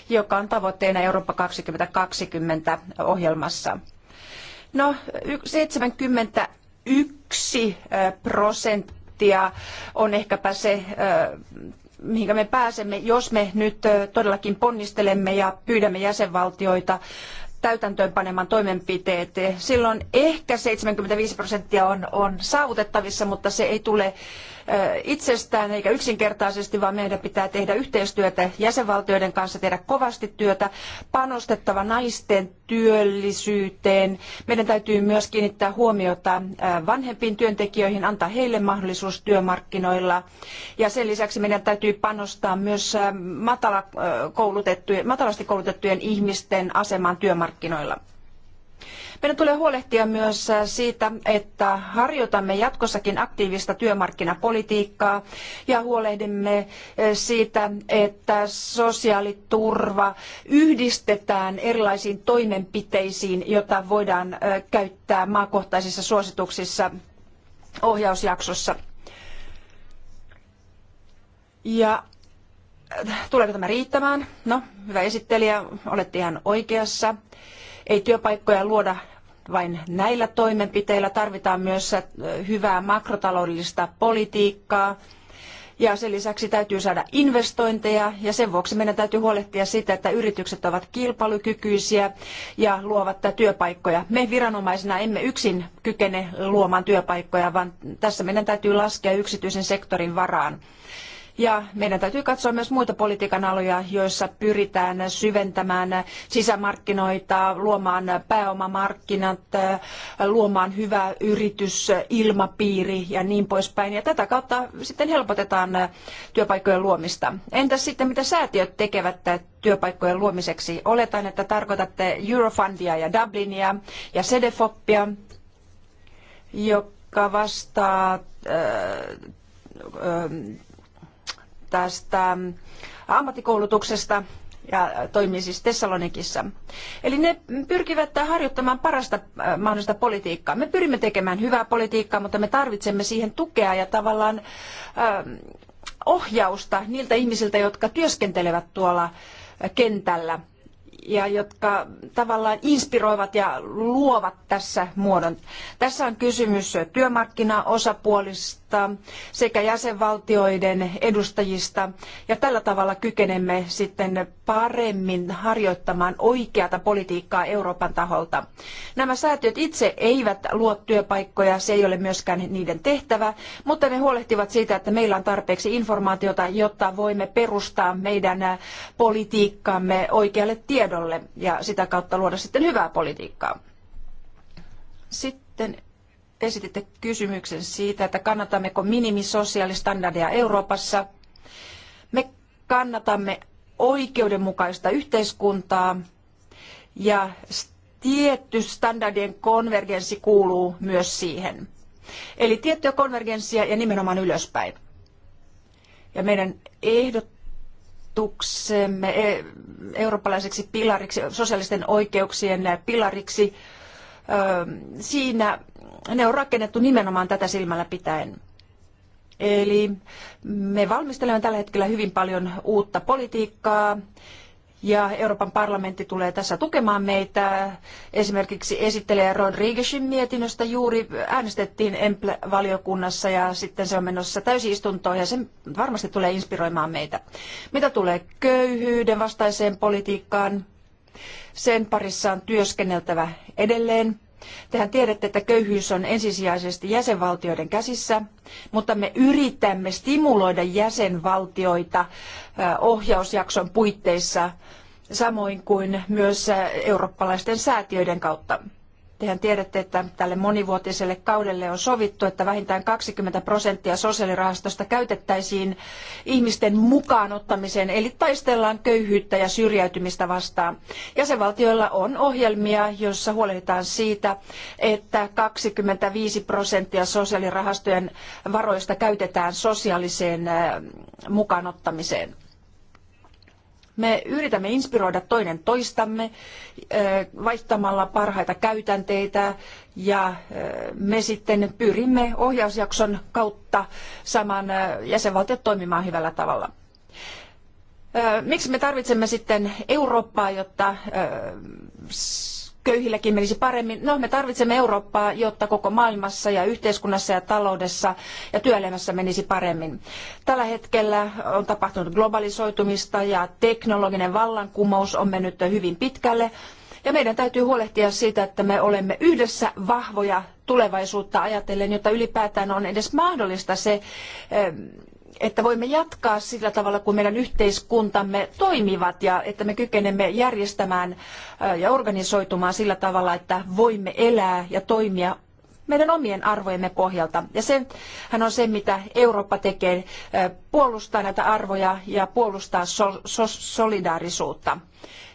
joka on tavoitteena Eurooppa 2020 ohjelmassa. No, 71 prosenttia prosenttia on ehkäpä se, mihinkä me pääsemme, jos me nyt todellakin ponnistelemme ja pyydämme jäsenvaltioita täytäntöönpanemaan toimenpiteet. Silloin ehkä 75 prosenttia on, on saavutettavissa, mutta se ei tule itsestään eikä yksinkertaisesti, vaan meidän pitää tehdä yhteistyötä jäsenvaltioiden kanssa, tehdä kovasti työtä, panostettava naisten työllisyyteen. Meidän täytyy myös kiinnittää huomiota vanhempiin työntekijöihin, antaa heille mahdollisuus työmarkkinoilla. Ja sen lisäksi meidän täytyy panostaa myös matala koulutettujen, matalasti koulutettujen ihmisten asemaan työmarkkinoilla. Meidän tulee huolehtia myös äh, siitä, että harjoitamme jatkossakin aktiivista työmarkkinapolitiikkaa ja huolehdimme äh, siitä, että sosiaaliturva yhdistetään erilaisiin toimenpiteisiin, joita voidaan äh, käyttää maakohtaisissa suosituksissa ohjausjaksossa. Ja tuleeko tämä riittämään? No, hyvä esittelijä, olette ihan oikeassa. Ei työpaikkoja luoda vain näillä toimenpiteillä, tarvitaan myös äh, hyvää makrotaloudellista politiikkaa. Ja sen lisäksi täytyy saada investointeja ja sen vuoksi meidän täytyy huolehtia siitä, että yritykset ovat kilpailukykyisiä ja luovat työpaikkoja. Me viranomaisina emme yksin kykene luomaan työpaikkoja, vaan tässä meidän täytyy laskea yksityisen sektorin varaan. Ja meidän täytyy katsoa myös muita politiikan aloja, joissa pyritään syventämään sisämarkkinoita, luomaan pääomamarkkinat, luomaan hyvä yritysilmapiiri ja niin poispäin. Ja tätä kautta sitten helpotetaan työpaikkojen luomista. Entäs sitten mitä säätiöt tekevät työpaikkojen luomiseksi? Oletan, että tarkoitatte Eurofundia ja Dublinia ja Cedefopia, joka vastaa äh, äh, tästä ammattikoulutuksesta ja toimii siis Thessalonikissa. Eli ne pyrkivät harjoittamaan parasta äh, mahdollista politiikkaa. Me pyrimme tekemään hyvää politiikkaa, mutta me tarvitsemme siihen tukea ja tavallaan äh, ohjausta niiltä ihmisiltä, jotka työskentelevät tuolla kentällä ja jotka tavallaan inspiroivat ja luovat tässä muodon. Tässä on kysymys työmarkkinaosapuolista edustajista sekä jäsenvaltioiden edustajista ja tällä tavalla kykenemme sitten paremmin harjoittamaan oikeata politiikkaa Euroopan taholta. Nämä säätiöt itse eivät luo työpaikkoja, se ei ole myöskään niiden tehtävä, mutta ne huolehtivat siitä, että meillä on tarpeeksi informaatiota, jotta voimme perustaa meidän politiikkaamme oikealle tiedolle ja sitä kautta luoda sitten hyvää politiikkaa. Sitten esititte kysymyksen siitä, että kannatammeko minimisosiaalistandardeja Euroopassa. Me kannatamme oikeudenmukaista yhteiskuntaa ja tietty standardien konvergenssi kuuluu myös siihen. Eli tiettyä konvergenssia ja nimenomaan ylöspäin. Ja meidän ehdotuksemme e- eurooppalaiseksi pilariksi, sosiaalisten oikeuksien pilariksi siinä ne on rakennettu nimenomaan tätä silmällä pitäen. Eli me valmistelemme tällä hetkellä hyvin paljon uutta politiikkaa ja Euroopan parlamentti tulee tässä tukemaan meitä. Esimerkiksi esittelijä Rodriguezin mietinnöstä juuri äänestettiin EMPLE-valiokunnassa ja sitten se on menossa täysistuntoon ja se varmasti tulee inspiroimaan meitä. Mitä tulee köyhyyden vastaiseen politiikkaan, sen parissa on työskenneltävä edelleen. Tehän tiedätte, että köyhyys on ensisijaisesti jäsenvaltioiden käsissä, mutta me yritämme stimuloida jäsenvaltioita ohjausjakson puitteissa, samoin kuin myös eurooppalaisten säätiöiden kautta. Tehän tiedätte, että tälle monivuotiselle kaudelle on sovittu, että vähintään 20 prosenttia sosiaalirahastosta käytettäisiin ihmisten mukaan ottamiseen, eli taistellaan köyhyyttä ja syrjäytymistä vastaan. Jäsenvaltioilla on ohjelmia, joissa huolehditaan siitä, että 25 prosenttia sosiaalirahastojen varoista käytetään sosiaaliseen äh, mukaanottamiseen. Me yritämme inspiroida toinen toistamme vaihtamalla parhaita käytänteitä ja me sitten pyrimme ohjausjakson kautta saman jäsenvaltiot toimimaan hyvällä tavalla. Miksi me tarvitsemme sitten Eurooppaa, jotta köyhilläkin menisi paremmin. No, me tarvitsemme Eurooppaa, jotta koko maailmassa ja yhteiskunnassa ja taloudessa ja työelämässä menisi paremmin. Tällä hetkellä on tapahtunut globalisoitumista ja teknologinen vallankumous on mennyt hyvin pitkälle. Ja meidän täytyy huolehtia siitä, että me olemme yhdessä vahvoja tulevaisuutta ajatellen, jotta ylipäätään on edes mahdollista se eh, että voimme jatkaa sillä tavalla, kun meidän yhteiskuntamme toimivat ja että me kykenemme järjestämään ja organisoitumaan sillä tavalla, että voimme elää ja toimia meidän omien arvojemme pohjalta. Ja sehän on se, mitä Eurooppa tekee, puolustaa näitä arvoja ja puolustaa so, so, solidaarisuutta.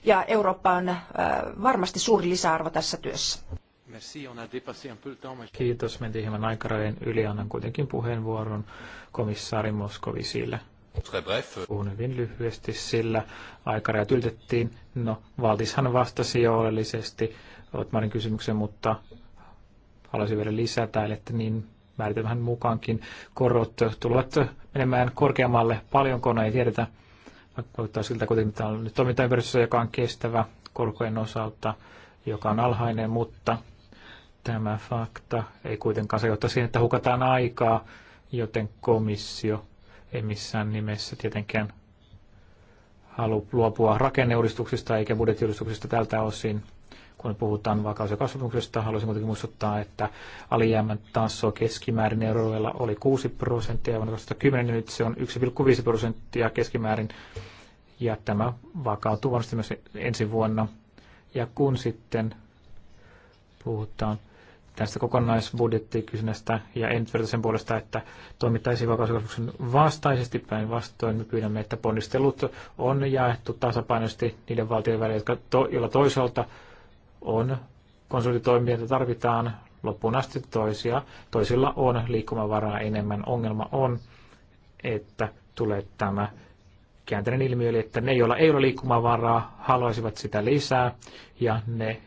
Ja Eurooppa on varmasti suuri lisäarvo tässä työssä. Kiitos, mentiin hieman aikarajan yli. Annan kuitenkin puheenvuoron komissaari Moskovisille. Puhun hyvin lyhyesti, sillä aikarajat yltettiin. No, Valtishan vastasi jo oleellisesti Otmarin kysymykseen, mutta haluaisin vielä lisätä, että niin määritelmän mukaankin korot tulevat menemään korkeammalle. Paljonko no ei tiedetä, vaikka siltä kuitenkin, että on nyt toimintaympäristössä, joka on kestävä korkojen osalta, joka on alhainen, mutta Tämä fakta ei kuitenkaan se johtaa siihen, että hukataan aikaa, joten komissio ei missään nimessä tietenkään halua luopua rakenneuudistuksista eikä budjettiuudistuksista tältä osin. Kun puhutaan vakaus- ja kasvatuksesta, haluaisin kuitenkin muistuttaa, että alijäämän taso keskimäärin euroilla oli 6 prosenttia vuonna 2010, nyt se on 1,5 prosenttia keskimäärin, ja tämä vakautuu varmasti myös ensi vuonna. Ja kun sitten puhutaan tästä kokonaisbudjettikysynnästä ja en sen puolesta, että toimittaisiin vakauskasvuksen vastaisesti päinvastoin. Me pyydämme, että ponnistelut on jaettu tasapainoisesti niiden valtioiden välillä, jotka to, joilla toisaalta on konsultitoimia, joita tarvitaan loppuun asti toisia. Toisilla on liikkumavaraa enemmän. Ongelma on, että tulee tämä käänteinen ilmiö, eli että ne, joilla ei ole liikkumavaraa, haluaisivat sitä lisää, ja ne,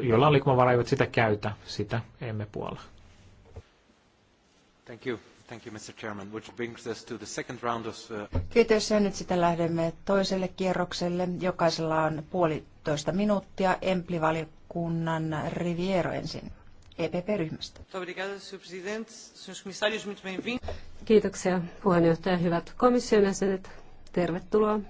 jolla on liikkumavaraa, eivät sitä käytä, sitä emme puolla. Thank you. Thank you, Mr. Chairman, which brings us to the second round of... Uh, Kiitos ja nyt sitä lähdemme toiselle kierrokselle. Jokaisella on puolitoista minuuttia. Emplivaliokunnan Riviero ensin. EPP-ryhmästä. Kiitoksia puheenjohtaja. Hyvät komission jäsenet, tervetuloa.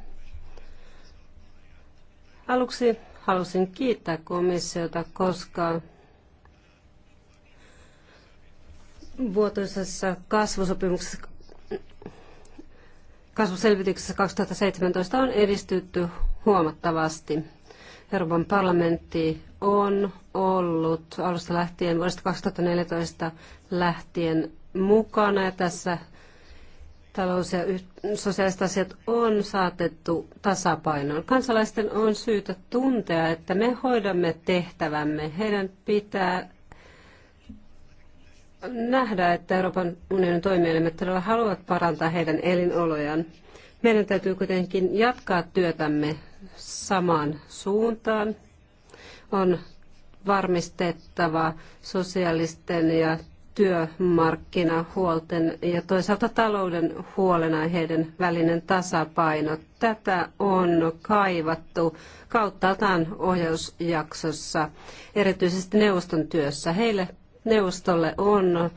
Aluksi Halusin kiittää komissiota, koska vuotuisessa kasvusopimuksessa kasvuselvityksessä 2017 on edistytty huomattavasti. Euroopan parlamentti on ollut alusta lähtien, vuodesta 2014 lähtien mukana ja tässä talous ja sosiaaliset asiat on saatettu tasapainoon. Kansalaisten on syytä tuntea, että me hoidamme tehtävämme. Heidän pitää nähdä, että Euroopan unionin toimielimet todella haluavat parantaa heidän elinolojaan. Meidän täytyy kuitenkin jatkaa työtämme samaan suuntaan. On varmistettava sosiaalisten ja työmarkkinahuolten ja toisaalta talouden huolenaiheiden välinen tasapaino. Tätä on kaivattu kauttaaltaan ohjausjaksossa, erityisesti neuvoston työssä. Heille neuvostolle on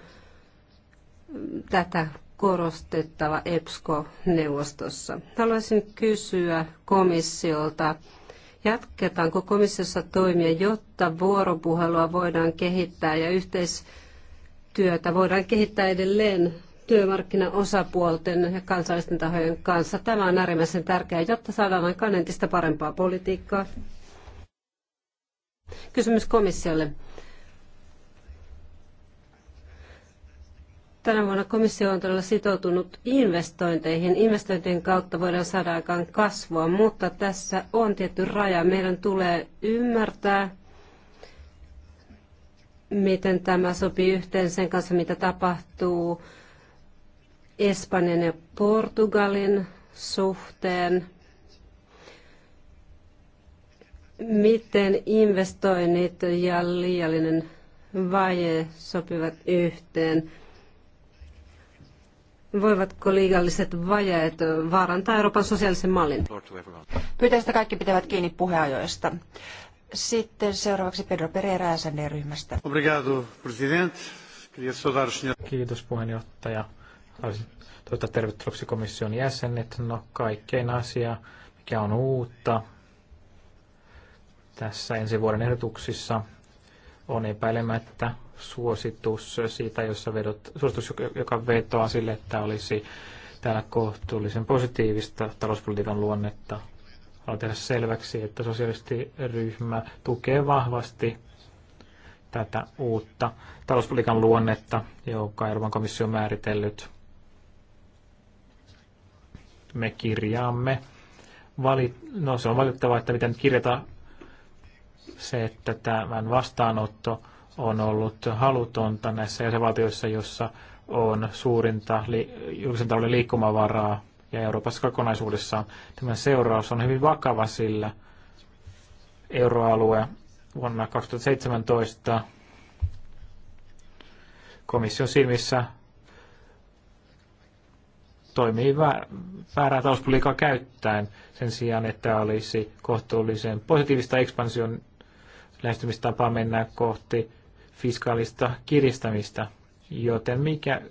tätä korostettava EPSCO-neuvostossa. Haluaisin kysyä komissiolta, jatketaanko komissiossa toimia, jotta vuoropuhelua voidaan kehittää ja yhteis- työtä voidaan kehittää edelleen työmarkkinaosapuolten ja kansallisten tahojen kanssa. Tämä on äärimmäisen tärkeää, jotta saadaan aikaan entistä parempaa politiikkaa. Kysymys komissiolle. Tänä vuonna komissio on todella sitoutunut investointeihin. Investointien kautta voidaan saada aikaan kasvua, mutta tässä on tietty raja. Meidän tulee ymmärtää, miten tämä sopii yhteen sen kanssa, mitä tapahtuu Espanjan ja Portugalin suhteen. Miten investoinnit ja liiallinen vaje sopivat yhteen? Voivatko liialliset vajeet vaarantaa Euroopan sosiaalisen mallin? Pyytäisin, että kaikki pitävät kiinni puheajoista. Sitten seuraavaksi Pedro Pereira SND-ryhmästä. Obrigado, president. Kiitos puheenjohtaja. Haluaisin toivottaa tervetulleeksi komission jäsenet. No kaikkein asia, mikä on uutta tässä ensi vuoden ehdotuksissa, on epäilemättä suositus siitä, jossa vedot, suositus, joka vetoaa sille, että olisi täällä kohtuullisen positiivista talouspolitiikan luonnetta haluan tehdä selväksi, että sosialistiryhmä tukee vahvasti tätä uutta talouspolitiikan luonnetta, joka Euroopan komissio on määritellyt. Me kirjaamme. Vali, no se on valitettavaa, että miten kirjata se, että tämän vastaanotto on ollut halutonta näissä jäsenvaltioissa, jossa on suurinta li- julkisen talouden liikkumavaraa ja Euroopassa kokonaisuudessaan. Tämä seuraus on hyvin vakava, sillä euroalue vuonna 2017 komission silmissä toimii väärää talouspolitiikkaa käyttäen sen sijaan, että olisi kohtuullisen positiivista ekspansion lähestymistapaa mennä kohti fiskaalista kiristämistä. Joten mikä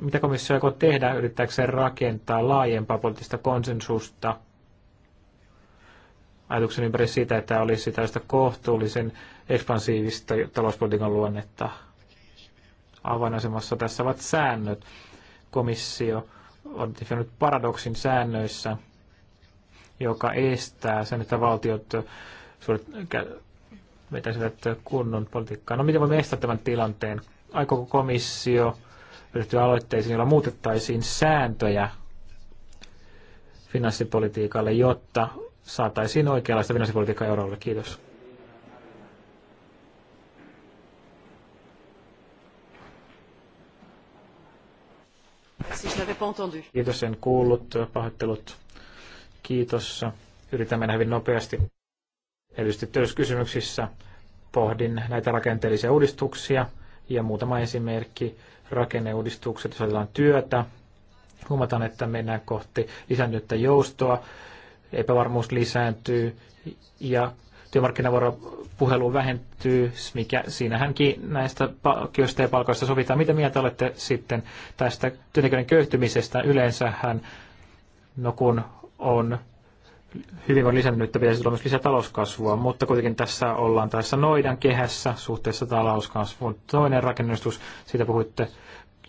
mitä komissio aikoo tehdä yrittääkseen rakentaa laajempaa poliittista konsensusta ajatuksen ympäri sitä, että olisi tällaista kohtuullisen ekspansiivista talouspolitiikan luonnetta. Avainasemassa tässä ovat säännöt. Komissio on definioinut paradoksin säännöissä, joka estää sen, että valtiot vetäisivät kunnon politiikkaa. No miten voimme estää tämän tilanteen? Aikooko komissio ryhtyä aloitteisiin, joilla muutettaisiin sääntöjä finanssipolitiikalle, jotta saataisiin oikeanlaista finanssipolitiikkaa eurolle. Kiitos. Kiitos, en kuullut. Pahoittelut. Kiitos. Yritän mennä hyvin nopeasti. Erityisesti työllisyyskysymyksissä pohdin näitä rakenteellisia uudistuksia ja muutama esimerkki rakenneuudistukset, jos otetaan työtä, huomataan, että mennään kohti lisääntynyttä joustoa, epävarmuus lisääntyy ja työmarkkinavuoropuhelu vähentyy, mikä siinähänkin näistä palkkioista ja palkoista sovitaan. Mitä mieltä olette sitten tästä työntekijöiden köyhtymisestä? Yleensähän, no kun on Hyvin lisännyt, että pitäisi tulla myös lisää talouskasvua, mutta kuitenkin tässä ollaan tässä noidan kehässä suhteessa talouskasvuun. Toinen rakennustus, siitä puhuitte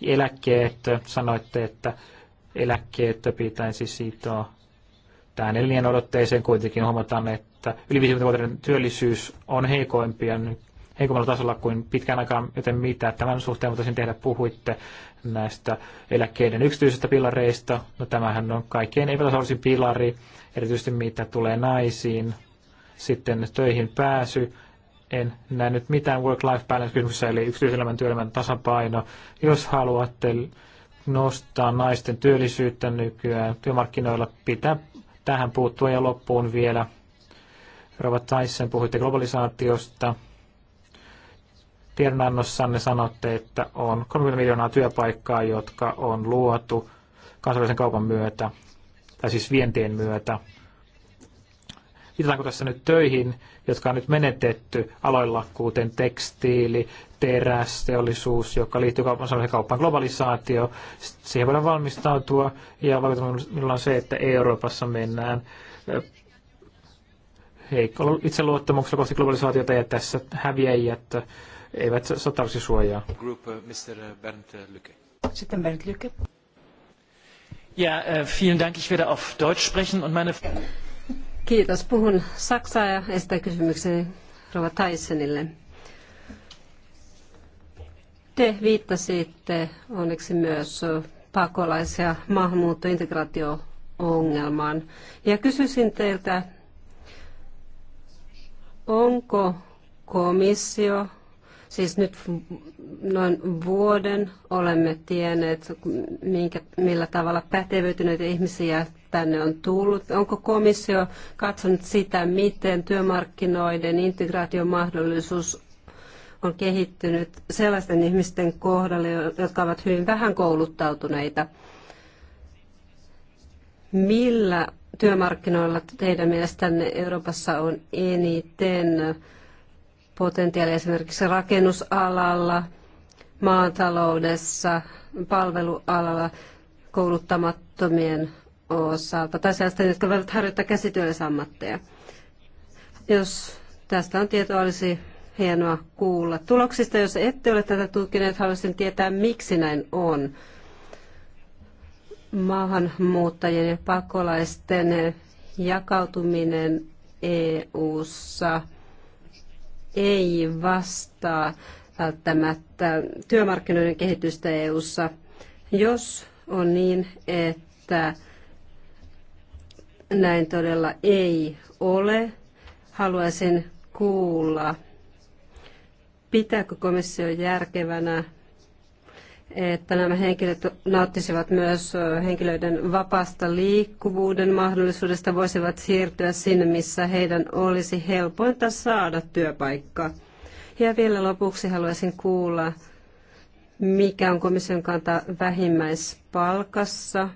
eläkkeet, sanoitte, että eläkkeet pitäisi sitoa tähän neljän odotteeseen kuitenkin huomataan, että yli 50-vuotiaiden työllisyys on heikoimpia heikommalla tasolla kuin pitkään aikaan, joten mitä tämän suhteen voitaisiin tehdä? Puhuitte näistä eläkkeiden yksityisestä pilareista. No tämähän on kaikkein epätasollisin pilari erityisesti mitä tulee naisiin. Sitten töihin pääsy, en näe nyt mitään work-life balance kysymyksessä, eli yksityiselämän työelämän tasapaino. Jos haluatte nostaa naisten työllisyyttä nykyään työmarkkinoilla, pitää tähän puuttua ja loppuun vielä. Robert Tyson, puhuitte globalisaatiosta. Tiedonannossanne sanotte, että on 30 miljoonaa työpaikkaa, jotka on luotu kansainvälisen kaupan myötä tai siis vientien myötä. Viitataanko tässä nyt töihin, jotka on nyt menetetty aloilla, kuten tekstiili, teräs, teollisuus, joka liittyy kaupan, kauppaan, globalisaatio. Siihen voidaan valmistautua ja valitettavasti on se, että Euroopassa mennään eh, heikolla itseluottamuksella kohti globalisaatiota ja tässä häviäjät eivät satarsi suojaa. Eh, eh, Sitten Bernd Lykke. Äh, ich werde auf Deutsch sprechen und meine... Kiitos. Puhun saksaa ja esitän kysymykseni Rova Tysonille. Te viittasitte onneksi myös pakolais- ja maahanmuuttointegraatio-ongelmaan. Ja kysyisin teiltä, onko komissio Siis nyt noin vuoden olemme tienneet, minkä, millä tavalla pätevöityneitä ihmisiä tänne on tullut. Onko komissio katsonut sitä, miten työmarkkinoiden integraatiomahdollisuus on kehittynyt sellaisten ihmisten kohdalle, jotka ovat hyvin vähän kouluttautuneita? Millä työmarkkinoilla teidän mielestänne Euroopassa on eniten potentiaalia esimerkiksi rakennusalalla, maataloudessa, palvelualalla, kouluttamattomien osalta tai sellaisten, jotka voivat harjoittaa käsityöläisammatteja. Jos tästä on tietoa, olisi hienoa kuulla. Tuloksista, jos ette ole tätä tutkineet, haluaisin tietää, miksi näin on. Maahanmuuttajien ja pakolaisten jakautuminen EU-ssa – ei vastaa välttämättä työmarkkinoiden kehitystä EU:ssa, jos on niin, että näin todella ei ole. Haluaisin kuulla, pitääkö komissio järkevänä että nämä henkilöt nauttisivat myös henkilöiden vapaasta liikkuvuuden mahdollisuudesta, voisivat siirtyä sinne, missä heidän olisi helpointa saada työpaikka. Ja vielä lopuksi haluaisin kuulla, mikä on komission kanta vähimmäispalkassa.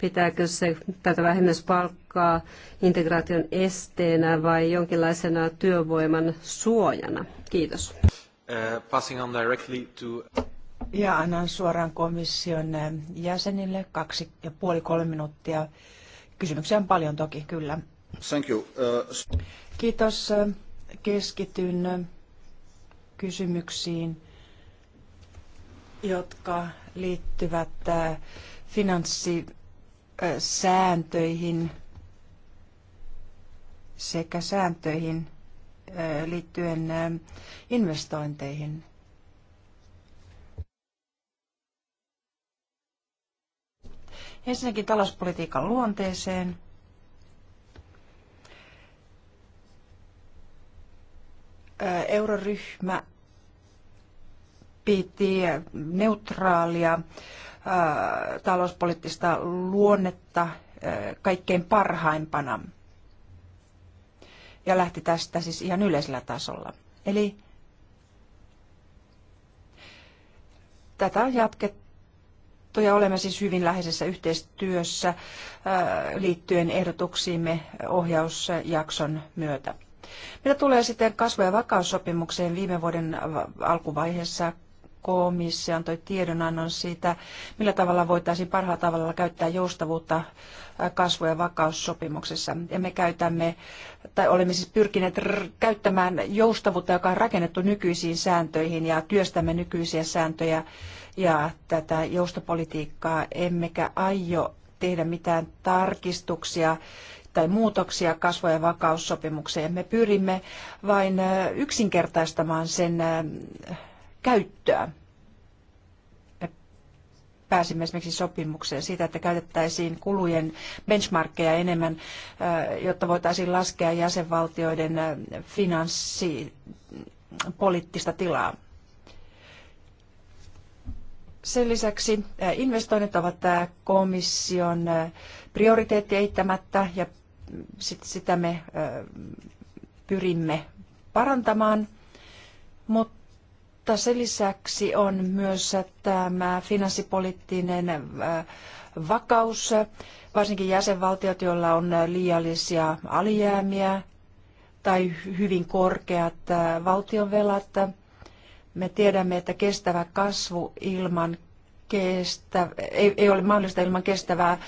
Pitääkö se tätä vähimmäispalkkaa integraation esteenä vai jonkinlaisena työvoiman suojana? Kiitos. Uh, passing on directly to... Ja annan suoraan komission eh, jäsenille kaksi ja puoli kolme minuuttia. Kysymyksiä on paljon toki, kyllä. Thank you. Uh... Kiitos. Eh, keskityn eh, kysymyksiin, jotka liittyvät finanssisääntöihin sekä sääntöihin liittyen investointeihin – Ensinnäkin talouspolitiikan luonteeseen. Euroryhmä piti neutraalia talouspoliittista luonnetta kaikkein parhaimpana ja lähti tästä siis ihan yleisellä tasolla. Eli tätä on jatkettu sovittu ja olemme siis hyvin läheisessä yhteistyössä äh, liittyen ehdotuksiimme ohjausjakson myötä. Mitä tulee sitten kasvu- ja vakaussopimukseen viime vuoden alkuvaiheessa, komissio antoi tiedonannon siitä, millä tavalla voitaisiin parhaalla tavalla käyttää joustavuutta äh, kasvu- ja vakaussopimuksessa. Ja me käytämme, tai olemme siis pyrkineet käyttämään joustavuutta, joka on rakennettu nykyisiin sääntöihin ja työstämme nykyisiä sääntöjä ja tätä joustopolitiikkaa, emmekä aio tehdä mitään tarkistuksia tai muutoksia kasvu- ja vakaussopimukseen. Me pyrimme vain yksinkertaistamaan sen käyttöä. Me pääsimme esimerkiksi sopimukseen siitä, että käytettäisiin kulujen benchmarkkeja enemmän, jotta voitaisiin laskea jäsenvaltioiden finanssipoliittista tilaa. Sen lisäksi investoinnit ovat komission prioriteetti eittämättä ja sitä me pyrimme parantamaan. Mutta sen lisäksi on myös tämä finanssipoliittinen vakaus, varsinkin jäsenvaltiot, joilla on liiallisia alijäämiä tai hyvin korkeat valtionvelat – me tiedämme, että kestävä kasvu ilman kestä, ei, ei ole mahdollista ilman kestävää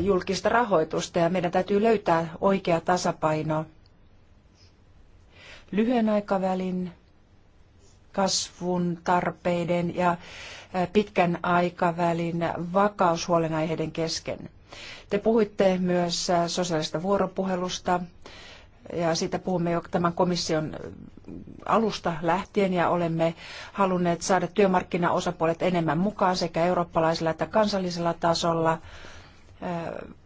julkista rahoitusta ja meidän täytyy löytää oikea tasapaino lyhyen aikavälin kasvun tarpeiden ja pitkän aikavälin vakaushuolenaiheiden kesken. Te puhuitte myös sosiaalista vuoropuhelusta ja siitä puhumme jo tämän komission alusta lähtien ja olemme halunneet saada työmarkkinaosapuolet enemmän mukaan sekä eurooppalaisella että kansallisella tasolla eh,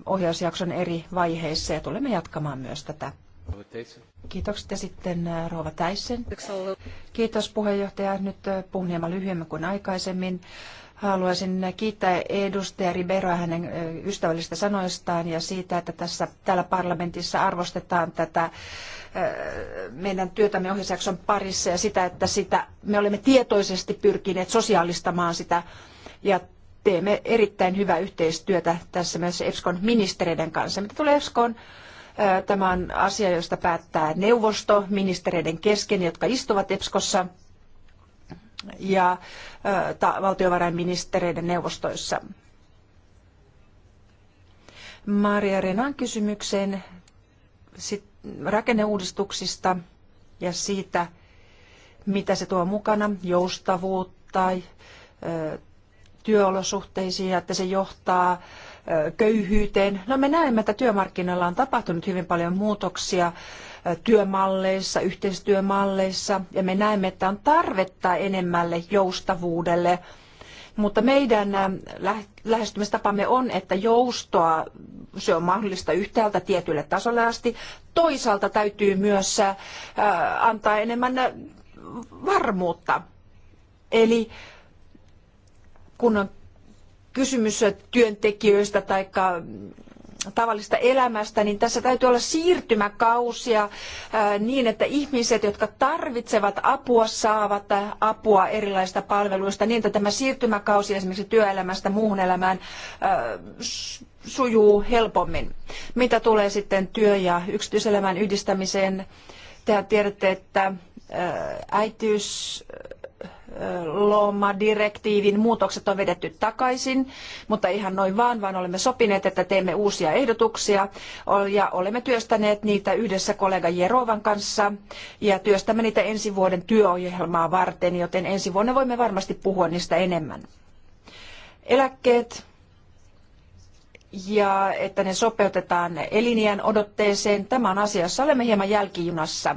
ohjausjakson eri vaiheissa ja tulemme jatkamaan myös tätä. Kiitokset ja sitten eh, Rova Täissen. Kiitos puheenjohtaja. Nyt eh, puhun hieman lyhyemmän kuin aikaisemmin. Haluaisin kiittää edustaja Riberoa hänen ystävällisistä sanoistaan ja siitä, että tässä täällä parlamentissa arvostetaan tätä meidän työtämme ohjausjakson parissa ja sitä, että sitä, me olemme tietoisesti pyrkineet sosiaalistamaan sitä ja teemme erittäin hyvää yhteistyötä tässä myös EPSCON ministereiden kanssa. Mitä tulee EPSCON, tämä on asia, josta päättää neuvosto ministereiden kesken, jotka istuvat EPSCOssa – ja ta- valtiovarainministereiden neuvostoissa. Maria Renan kysymykseen sit, rakenneuudistuksista ja siitä, mitä se tuo mukana, joustavuutta, työolosuhteisiin ja että se johtaa köyhyyteen. No me näemme, että työmarkkinoilla on tapahtunut hyvin paljon muutoksia työmalleissa, yhteistyömalleissa ja me näemme, että on tarvetta enemmälle joustavuudelle. Mutta meidän lähestymistapamme on, että joustoa se on mahdollista yhtäältä tietylle tasolle asti. Toisaalta täytyy myös antaa enemmän varmuutta. Eli kun on kysymys työntekijöistä tai tavallista elämästä, niin tässä täytyy olla siirtymäkausia äh, niin, että ihmiset, jotka tarvitsevat apua, saavat apua erilaisista palveluista niin, että tämä siirtymäkausi esimerkiksi työelämästä muuhun elämään äh, sujuu helpommin. Mitä tulee sitten työ- ja yksityiselämän yhdistämiseen, te tiedätte, että äh, äitiys lomadirektiivin muutokset on vedetty takaisin, mutta ihan noin vaan, vaan olemme sopineet, että teemme uusia ehdotuksia ja olemme työstäneet niitä yhdessä kollega Jerovan kanssa ja työstämme niitä ensi vuoden työohjelmaa varten, joten ensi vuonna voimme varmasti puhua niistä enemmän. Eläkkeet ja että ne sopeutetaan eliniän odotteeseen. Tämä on asia, jossa olemme hieman jälkijunassa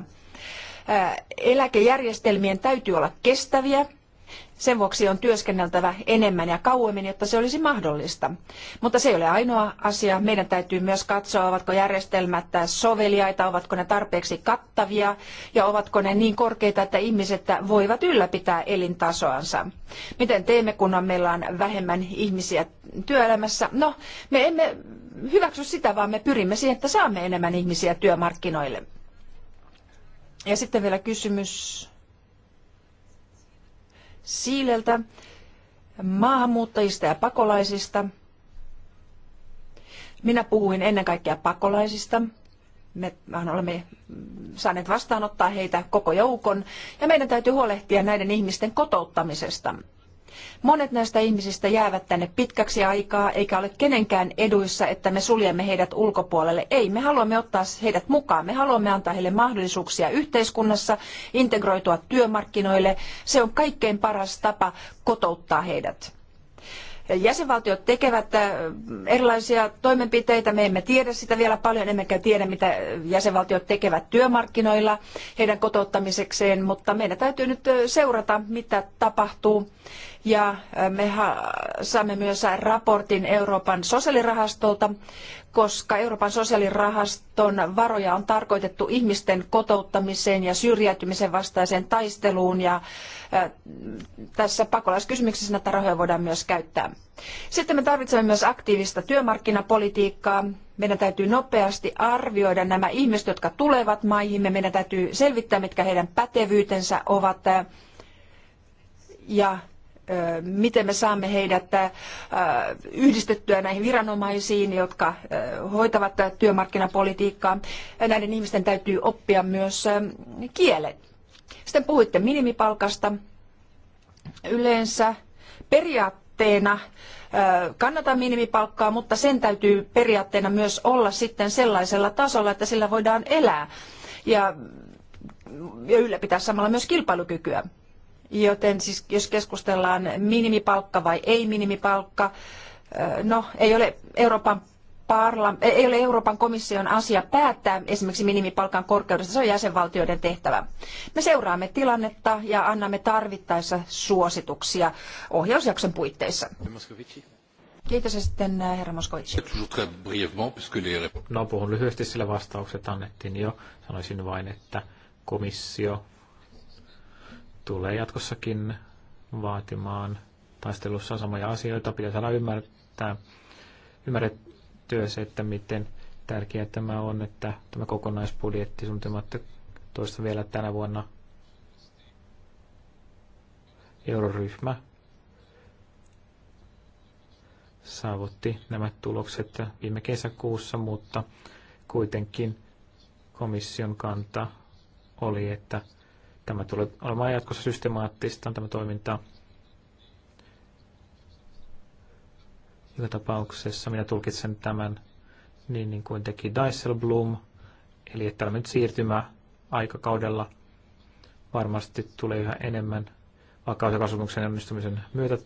eläkejärjestelmien täytyy olla kestäviä. Sen vuoksi on työskenneltävä enemmän ja kauemmin, jotta se olisi mahdollista. Mutta se ei ole ainoa asia. Meidän täytyy myös katsoa, ovatko järjestelmät soveliaita, ovatko ne tarpeeksi kattavia ja ovatko ne niin korkeita, että ihmiset voivat ylläpitää elintasoansa. Miten teemme, kun meillä on vähemmän ihmisiä työelämässä? No, me emme hyväksy sitä, vaan me pyrimme siihen, että saamme enemmän ihmisiä työmarkkinoille. Ja sitten vielä kysymys Siileltä, maahanmuuttajista ja pakolaisista. Minä puhuin ennen kaikkea pakolaisista. Me olemme saaneet vastaanottaa heitä koko joukon ja meidän täytyy huolehtia näiden ihmisten kotouttamisesta. Monet näistä ihmisistä jäävät tänne pitkäksi aikaa, eikä ole kenenkään eduissa, että me suljemme heidät ulkopuolelle. Ei, me haluamme ottaa heidät mukaan. Me haluamme antaa heille mahdollisuuksia yhteiskunnassa, integroitua työmarkkinoille. Se on kaikkein paras tapa kotouttaa heidät jäsenvaltiot tekevät äh, erilaisia toimenpiteitä. Me emme tiedä sitä vielä paljon, emmekä tiedä mitä jäsenvaltiot tekevät työmarkkinoilla heidän kotouttamisekseen, mutta meidän täytyy nyt äh, seurata, mitä tapahtuu ja me saamme myös raportin Euroopan sosiaalirahastolta, koska Euroopan sosiaalirahaston varoja on tarkoitettu ihmisten kotouttamiseen ja syrjäytymisen vastaiseen taisteluun ja tässä pakolaiskysymyksessä näitä rahoja voidaan myös käyttää. Sitten me tarvitsemme myös aktiivista työmarkkinapolitiikkaa. Meidän täytyy nopeasti arvioida nämä ihmiset, jotka tulevat maihimme. Meidän täytyy selvittää, mitkä heidän pätevyytensä ovat ja miten me saamme heidät yhdistettyä näihin viranomaisiin, jotka hoitavat työmarkkinapolitiikkaa. Näiden ihmisten täytyy oppia myös kielen. Sitten puhuitte minimipalkasta. Yleensä periaatteena kannatan minimipalkkaa, mutta sen täytyy periaatteena myös olla sitten sellaisella tasolla, että sillä voidaan elää ja ylläpitää samalla myös kilpailukykyä. Joten siis jos keskustellaan minimipalkka vai ei minimipalkka, no ei ole Euroopan Parla, e, ei ole Euroopan komission asia päättää esimerkiksi minimipalkan korkeudesta, se on jäsenvaltioiden tehtävä. Me seuraamme tilannetta ja annamme tarvittaessa suosituksia ohjausjakson puitteissa. Kiitos ja sitten herra Moskovici. No puhun lyhyesti, sillä vastaukset annettiin jo. Sanoisin vain, että komissio tulee jatkossakin vaatimaan taistelussa samoja asioita. Pitää saada ymmärtää, ymmärrettyä se, että miten tärkeää tämä on, että tämä kokonaisbudjetti suunnitelmatta toista vielä tänä vuonna euroryhmä saavutti nämä tulokset viime kesäkuussa, mutta kuitenkin komission kanta oli, että Tämä tulee olemaan jatkossa systemaattista, tämä toiminta. Joka tapauksessa minä tulkitsen tämän niin, niin kuin teki Dijsselbloom, eli että tällä nyt siirtymä aikakaudella varmasti tulee yhä enemmän vakaus- ja kasvumuksen onnistumisen myötä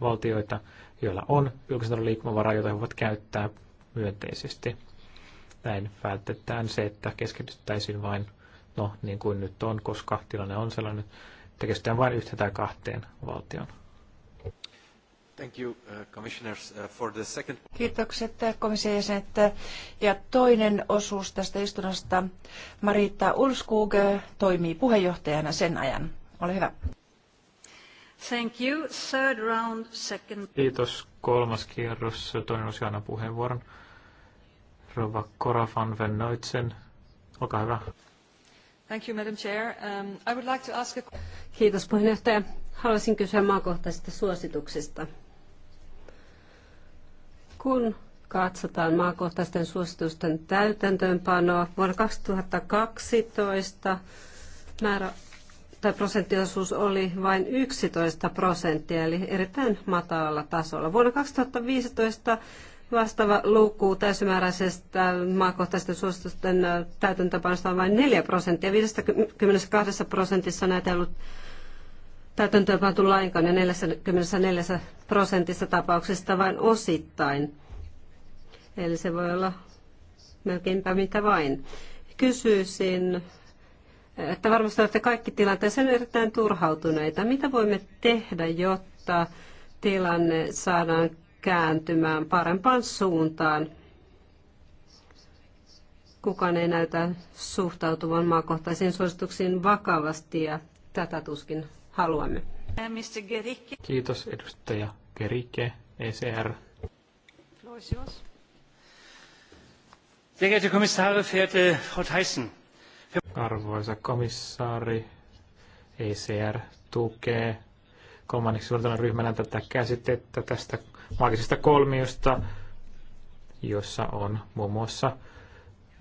valtioita, joilla on julkisen talouden liikkumavaraa, jota he voivat käyttää myönteisesti. Näin vältetään se, että keskityttäisiin vain no niin kuin nyt on, koska tilanne on sellainen, että kestään vain yhtä tai kahteen valtion. Thank you, uh, commissioners, uh, for the second... Kiitokset uh, komission jäsenet. Ja toinen osuus tästä istunnosta, Marita Ulskug, toimii puheenjohtajana sen ajan. Ole hyvä. Thank you. Third round, second... Kiitos. Kolmas kierros. Toinen osio puheenvuoron. Rova Kora van Vennoitsen. Olkaa hyvä. Thank you, Madam Chair. Um, I would like to ask a... Kiitos puheenjohtaja. Haluaisin kysyä maakohtaisista suosituksista. Kun katsotaan maakohtaisten suositusten täytäntöönpanoa, vuonna 2012 määrä tai prosenttiosuus oli vain 11 prosenttia, eli erittäin matalalla tasolla. Vuonna 2015 Vastaava luku täysimääräisestä maakohtaisten suositusten täytäntöpanosta on vain 4 prosenttia. 52 prosentissa näitä ei ollut täytäntöönpantu lainkaan ja 44 prosentissa tapauksista vain osittain. Eli se voi olla melkeinpä mitä vain. Kysyisin, että varmasti olette kaikki tilanteeseen erittäin turhautuneita. Mitä voimme tehdä, jotta tilanne saadaan kääntymään parempaan suuntaan. Kukaan ei näytä suhtautuvan maakohtaisiin suosituksiin vakavasti ja tätä tuskin haluamme. Kiitos edustaja Gerike, ECR. Arvoisa komissaari, ECR tukee kolmanneksi suurtana ryhmänä tätä käsitettä tästä maagisesta kolmiosta, jossa on muun muassa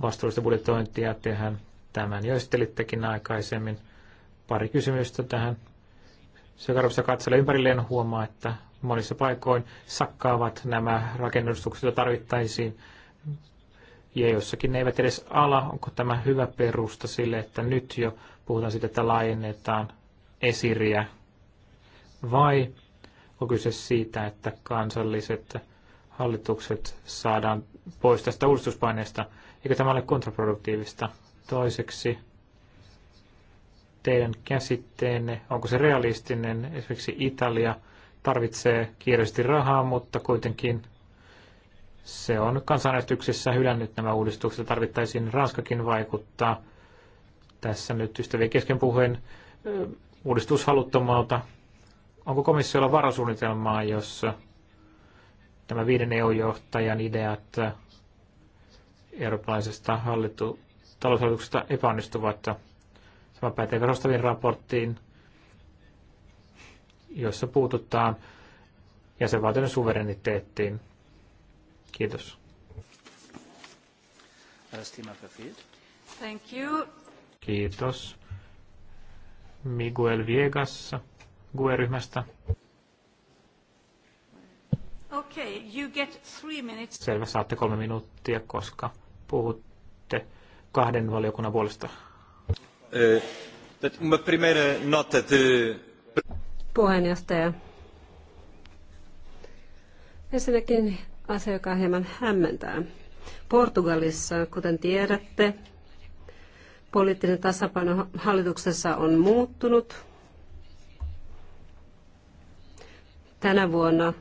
vastuullista budjetointia. Tehän tämän jo esittelittekin aikaisemmin. Pari kysymystä tähän. Sekarvossa katselee ympärilleen huomaa, että monissa paikoin sakkaavat nämä rakennustukset, joita tarvittaisiin. Ja jossakin ne eivät edes ala. Onko tämä hyvä perusta sille, että nyt jo puhutaan siitä, että laajennetaan esiriä vai on kyse siitä, että kansalliset hallitukset saadaan pois tästä uudistuspaineesta? Eikö tämä ole kontraproduktiivista? Toiseksi, teidän käsitteenne, onko se realistinen? Esimerkiksi Italia tarvitsee kiireesti rahaa, mutta kuitenkin se on kansanäänestyksessä hylännyt nämä uudistukset. Tarvittaisiin Ranskakin vaikuttaa tässä nyt ystävien kesken puheen uudistushaluttomalta onko komissiolla varasuunnitelmaa, jossa tämä viiden EU-johtajan ideat eurooppalaisesta hallitu- taloushallituksesta epäonnistuvat. Tämä pätee verostavien raporttiin, jossa puututaan jäsenvaltioiden suvereniteettiin. Kiitos. Thank you. Kiitos. Miguel Viegas. GUE-ryhmästä. Okay, you get three minutes. Selvä, saatte kolme minuuttia, koska puhutte kahden valiokunnan puolesta. Eh, Puheenjohtaja. Ensinnäkin asia, joka hieman hämmentää. Portugalissa, kuten tiedätte, poliittinen tasapaino hallituksessa on muuttunut tänä vuonna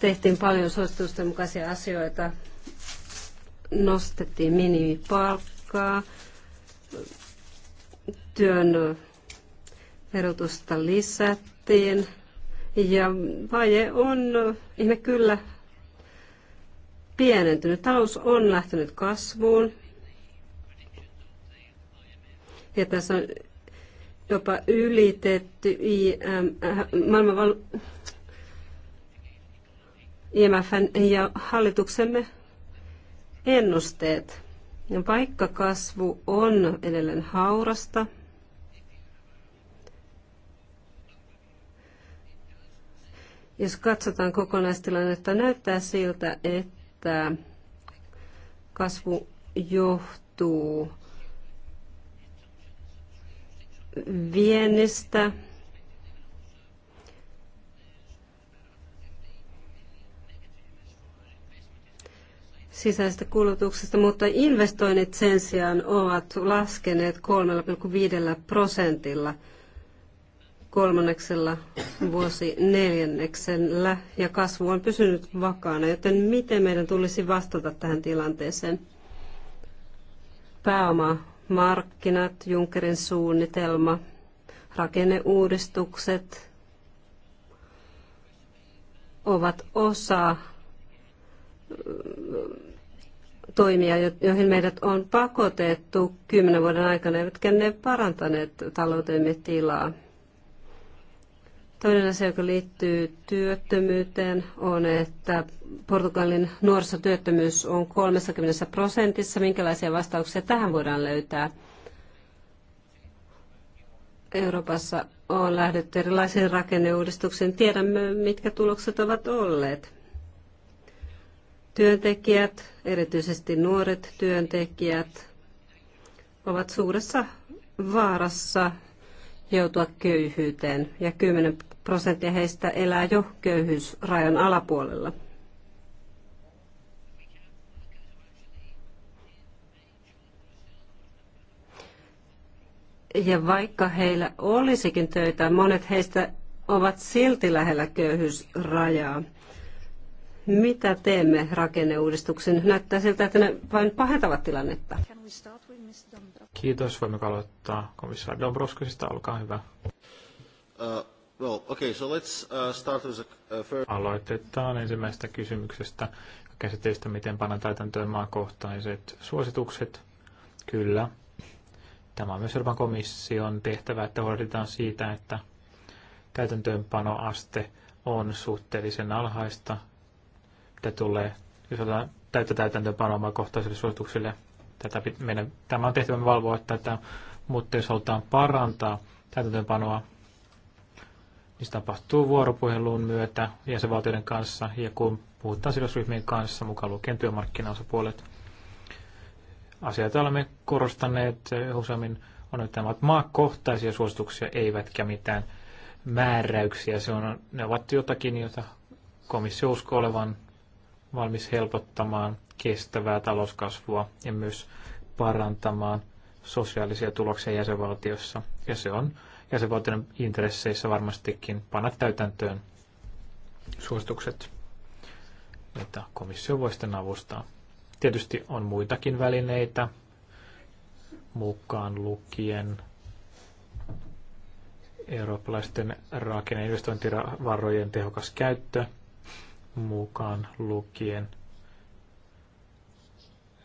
tehtiin paljon suositusten mukaisia asioita. Nostettiin minimipalkkaa, työn verotusta lisättiin ja vaje on ihme kyllä pienentynyt. Talous on lähtenyt kasvuun ja tässä on jopa ylitetty IM, maailman IMFn ja hallituksemme ennusteet. Ja kasvu on edelleen haurasta. Jos katsotaan kokonaistilannetta, näyttää siltä, että kasvu johtuu viennistä. sisäisestä kulutuksesta, mutta investoinnit sen sijaan ovat laskeneet 3,5 prosentilla kolmanneksella vuosi neljänneksellä ja kasvu on pysynyt vakaana, joten miten meidän tulisi vastata tähän tilanteeseen? Pääoma markkinat, Junckerin suunnitelma, rakenneuudistukset ovat osa mm, toimia, joihin meidät on pakotettu kymmenen vuoden aikana, eivätkä ne parantaneet taloutemme tilaa. Toinen asia, joka liittyy työttömyyteen, on, että Portugalin nuorisotyöttömyys on 30 prosentissa. Minkälaisia vastauksia tähän voidaan löytää? Euroopassa on lähdetty erilaisiin rakenneuudistuksiin. Tiedämme, mitkä tulokset ovat olleet. Työntekijät, erityisesti nuoret työntekijät, ovat suuressa vaarassa joutua köyhyyteen ja 10 prosenttia heistä elää jo köyhyysrajan alapuolella. Ja vaikka heillä olisikin töitä, monet heistä ovat silti lähellä köyhyysrajaa mitä teemme rakenneuudistuksen. Näyttää siltä, että ne vain pahentavat tilannetta. Kiitos. Voimme aloittaa komissaari Dombrovskisesta. Olkaa hyvä. Uh, well, okay, so let's, uh, start with uh, first... Aloitetaan ensimmäisestä kysymyksestä käsitteistä, miten pannaan täytäntöön maakohtaiset suositukset. Kyllä. Tämä on myös Euroopan komission tehtävä, että huolehditaan siitä, että täytäntöönpanoaste on suhteellisen alhaista sitten tulee, jos otetaan täyttä täytäntöönpanoa kohtaisille suosituksille. Tätä meidän, tämä on tehtävä valvoa tätä, mutta jos halutaan parantaa täytäntöönpanoa, niin se tapahtuu vuoropuhelun myötä jäsenvaltioiden kanssa ja kun puhutaan sidosryhmien kanssa, mukaan lukien työmarkkinaosapuolet. Asioita olemme korostaneet useammin on, että nämä ovat maakohtaisia suosituksia, eivätkä mitään määräyksiä. Se on, ne ovat jotakin, jota komissio uskoo olevan valmis helpottamaan kestävää talouskasvua ja myös parantamaan sosiaalisia tuloksia jäsenvaltiossa. Ja se on jäsenvaltioiden intresseissä varmastikin panna täytäntöön suositukset, joita komissio voi sitten avustaa. Tietysti on muitakin välineitä, mukaan lukien eurooppalaisten raakenne investointivarojen tehokas käyttö – mukaan lukien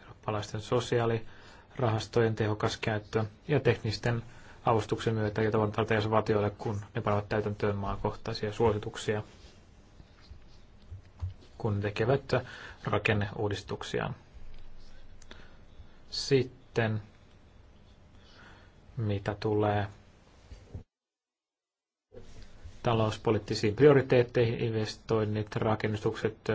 eurooppalaisten sosiaalirahastojen tehokas käyttö ja teknisten avustuksen myötä, joita voidaan tarjota jäsenvaltioille, kun ne panevat täytäntöön maakohtaisia suosituksia, kun ne tekevät rakenneuudistuksia. Sitten, mitä tulee talouspoliittisiin prioriteetteihin, investoinnit, rakennustukset,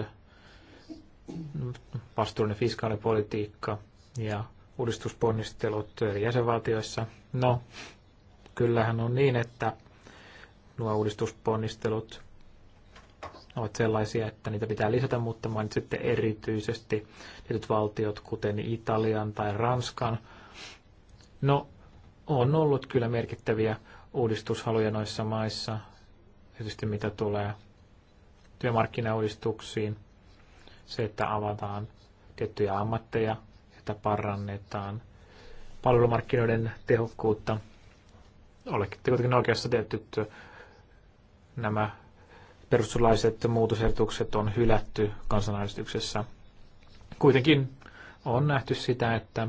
vastuullinen fiskaalipolitiikka ja uudistusponnistelut jäsenvaltioissa. No, kyllähän on niin, että nuo uudistusponnistelut ovat sellaisia, että niitä pitää lisätä, mutta mainitsitte erityisesti tietyt valtiot, kuten Italian tai Ranskan. No, on ollut kyllä merkittäviä uudistushaluja noissa maissa, Tietysti mitä tulee työmarkkinauudistuksiin, se, että avataan tiettyjä ammatteja, että parannetaan palvelumarkkinoiden tehokkuutta. Olette kuitenkin oikeassa tietyt nämä perustuslaiset muutosehdotukset on hylätty kansanäänestyksessä. Kuitenkin on nähty sitä, että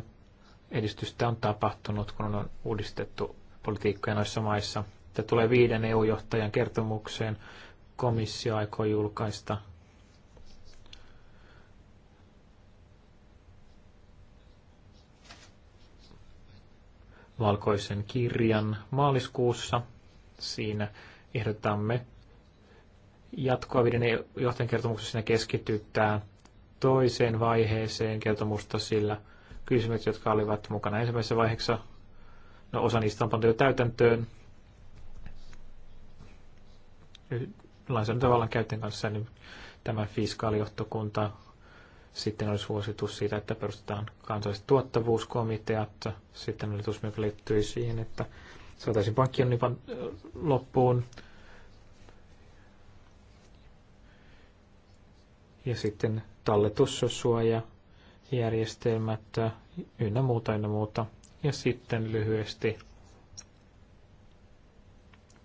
edistystä on tapahtunut, kun on uudistettu politiikkoja noissa maissa – mitä tulee viiden EU-johtajan kertomukseen, komissio aikoo julkaista valkoisen kirjan maaliskuussa. Siinä ehdotamme jatkoa viiden johtajan kertomuksessa siinä keskitytään toiseen vaiheeseen kertomusta, sillä kysymykset, jotka olivat mukana ensimmäisessä vaiheessa, no osa niistä on pantu jo täytäntöön, lainsäädäntövallan käyttäjän kanssa, niin tämä fiskaalijohtokunta sitten oli suositus siitä, että perustetaan kansalliset tuottavuuskomiteat. Sitten oli tusmi, joka liittyi siihen, että saataisiin pankkionipan loppuun. Ja sitten talletussuojajärjestelmät ynnä muuta, ynnä muuta. Ja sitten lyhyesti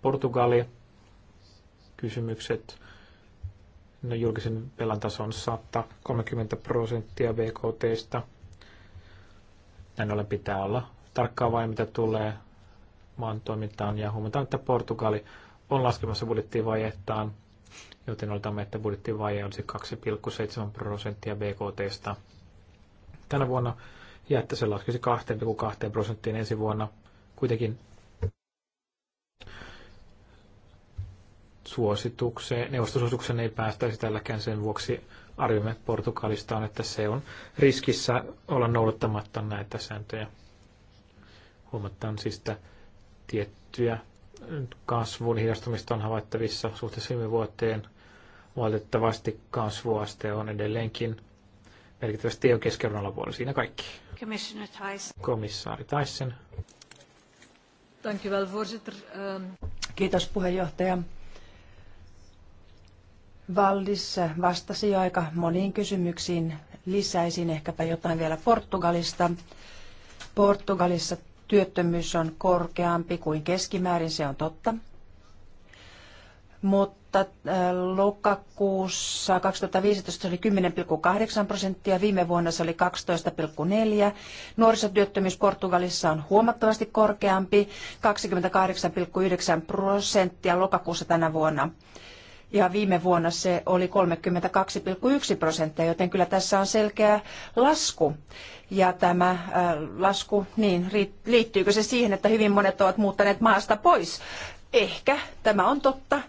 Portugali kysymykset. No, julkisen velan taso on 130 prosenttia BKTstä. Näin ollen pitää olla tarkkaa vain, mitä tulee maan toimintaan. Ja huomataan, että Portugali on laskemassa budjettivajettaan, joten oletamme, että budjettivaje olisi 2,7 prosenttia BKTstä tänä vuonna ja että se laskisi 2,2 prosenttiin ensi vuonna. Kuitenkin suositukseen, neuvostosuosituksen ei päästäisi tälläkään sen vuoksi arvimme Portugalista on, että se on riskissä olla noudattamatta näitä sääntöjä. Huomataan siis, että tiettyjä kasvun hidastumista on havaittavissa suhteessa viime vuoteen. Valitettavasti kasvuaste on edelleenkin merkittävästi jo keskeudun alapuolella. Siinä kaikki. Commissioner Komissaari Tyson. Um, Kiitos puheenjohtaja. Valdis vastasi jo aika moniin kysymyksiin. Lisäisin ehkäpä jotain vielä Portugalista. Portugalissa työttömyys on korkeampi kuin keskimäärin, se on totta. Mutta äh, lokakuussa 2015 se oli 10,8 prosenttia, viime vuonna se oli 12,4. Nuorisotyöttömyys Portugalissa on huomattavasti korkeampi, 28,9 prosenttia lokakuussa tänä vuonna ja viime vuonna se oli 32,1 prosenttia, joten kyllä tässä on selkeä lasku. Ja tämä äh, lasku, niin liittyykö se siihen, että hyvin monet ovat muuttaneet maasta pois? Ehkä tämä on totta,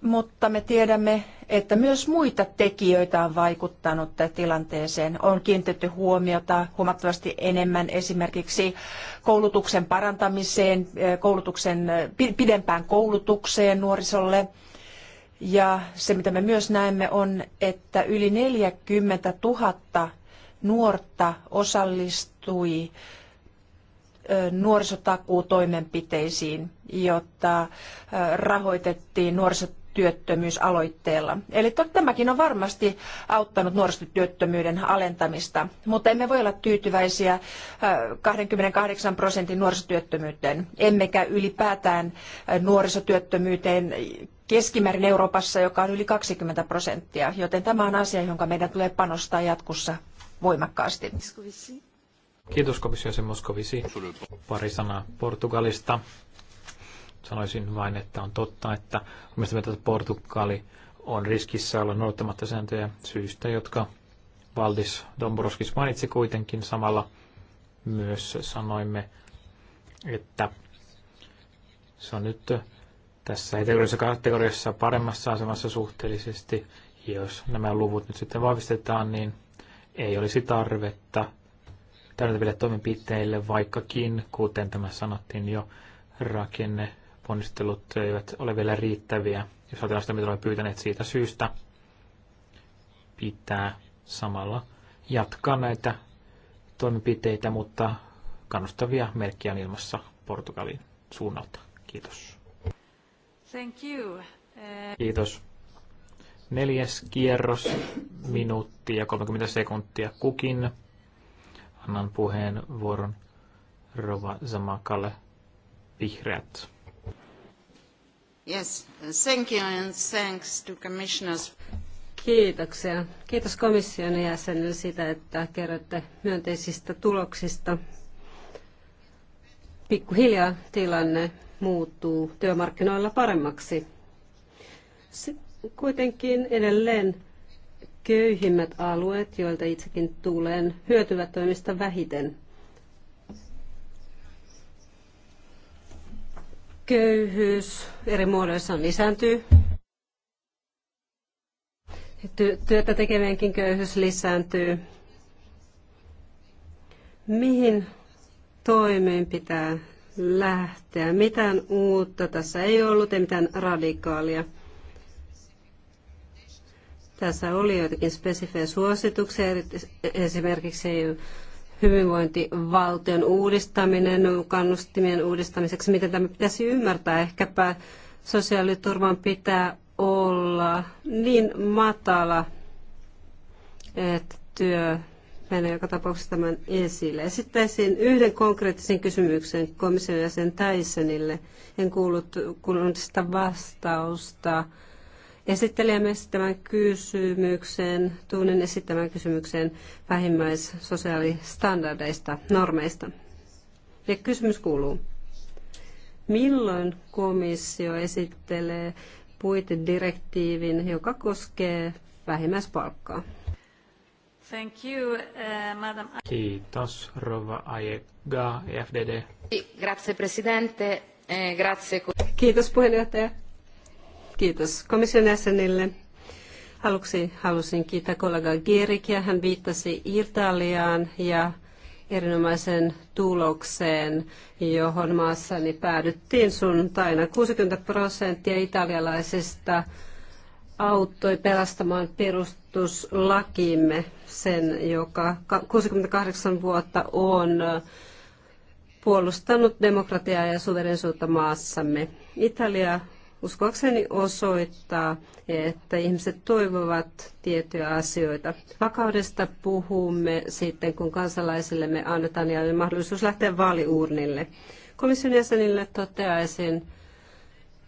mutta me tiedämme, että myös muita tekijöitä on vaikuttanut tilanteeseen. On kiinnitetty huomiota huomattavasti enemmän esimerkiksi koulutuksen parantamiseen, äh, koulutuksen, äh, pidempään koulutukseen nuorisolle – ja se, mitä me myös näemme, on, että yli 40 000 nuorta osallistui nuorisotakuutoimenpiteisiin, jotta rahoitettiin nuorisotyöttömyysaloitteella. Eli tämäkin on varmasti auttanut nuorisotyöttömyyden alentamista, mutta emme voi olla tyytyväisiä 28 prosentin nuorisotyöttömyyteen, emmekä ylipäätään nuorisotyöttömyyteen keskimäärin Euroopassa, joka on yli 20 prosenttia, joten tämä on asia, jonka meidän tulee panostaa jatkossa voimakkaasti. Kiitos komissiosen Moskovisi. Pari sanaa Portugalista. Sanoisin vain, että on totta, että omista mieltä, että Portugali on riskissä olla noudattamatta sääntöjä syystä, jotka Valdis Dombrovskis mainitsi kuitenkin samalla myös sanoimme, että se on nyt tässä heteroisessa kategoriassa paremmassa asemassa suhteellisesti. Jos nämä luvut nyt sitten vahvistetaan, niin ei olisi tarvetta täydentäville toimenpiteille, vaikkakin, kuten tämä sanottiin jo, rakenneponnistelut eivät ole vielä riittäviä. Jos ajatellaan sitä, mitä olemme pyytäneet siitä syystä, pitää samalla jatkaa näitä toimenpiteitä, mutta kannustavia merkkiä on ilmassa Portugalin suunnalta. Kiitos. Thank you. Eh, Kiitos. Neljäs kierros, minuutti ja 30 sekuntia kukin. Annan puheenvuoron Rova Zamakalle Vihreät. Yes, thank you and thanks to commissioners. Kiitoksia. Kiitos komission jäsenille siitä, että kerrotte myönteisistä tuloksista. Pikkuhiljaa tilanne muuttuu työmarkkinoilla paremmaksi. Kuitenkin edelleen köyhimmät alueet, joilta itsekin tulen, hyötyvät toimista vähiten. Köyhyys eri muodoissa lisääntyy. Työtä tekevienkin köyhyys lisääntyy. Mihin toimiin pitää lähteä. Mitään uutta tässä ei ollut, ei mitään radikaalia. Tässä oli joitakin spesifejä suosituksia, esimerkiksi hyvinvointivaltion uudistaminen, kannustimien uudistamiseksi, miten tämä pitäisi ymmärtää. Ehkäpä sosiaaliturvan pitää olla niin matala, että työ meillä joka tapauksessa tämän esille. Esittäisin yhden konkreettisen kysymyksen komission jäsen Tysonille. En kuullut kuullut sitä vastausta. Esittelijämme esittämään kysymyksen, tunnen esittämään kysymyksen vähimmäissosiaalistandardeista, normeista. Ja kysymys kuuluu, milloin komissio esittelee puitedirektiivin, joka koskee vähimmäispalkkaa? Thank you, uh, madam. Kiitos, Rova Ajega, EFDD. Grazie, presidente. Eh, grazie. Kiitos puheenjohtaja. Kiitos komission jäsenille. Aluksi halusin kiittää kollega Gierikia. Hän viittasi Italiaan ja erinomaisen tulokseen, johon maassani päädyttiin sunnuntaina. 60 prosenttia italialaisista auttoi pelastamaan perus perustuslakimme, sen, joka 68 vuotta on puolustanut demokratiaa ja suverensuutta maassamme. Italia uskoakseni osoittaa, että ihmiset toivovat tiettyjä asioita. Vakaudesta puhumme sitten, kun kansalaisillemme annetaan jälleen mahdollisuus lähteä vaaliuurnille. Komission jäsenille toteaisin,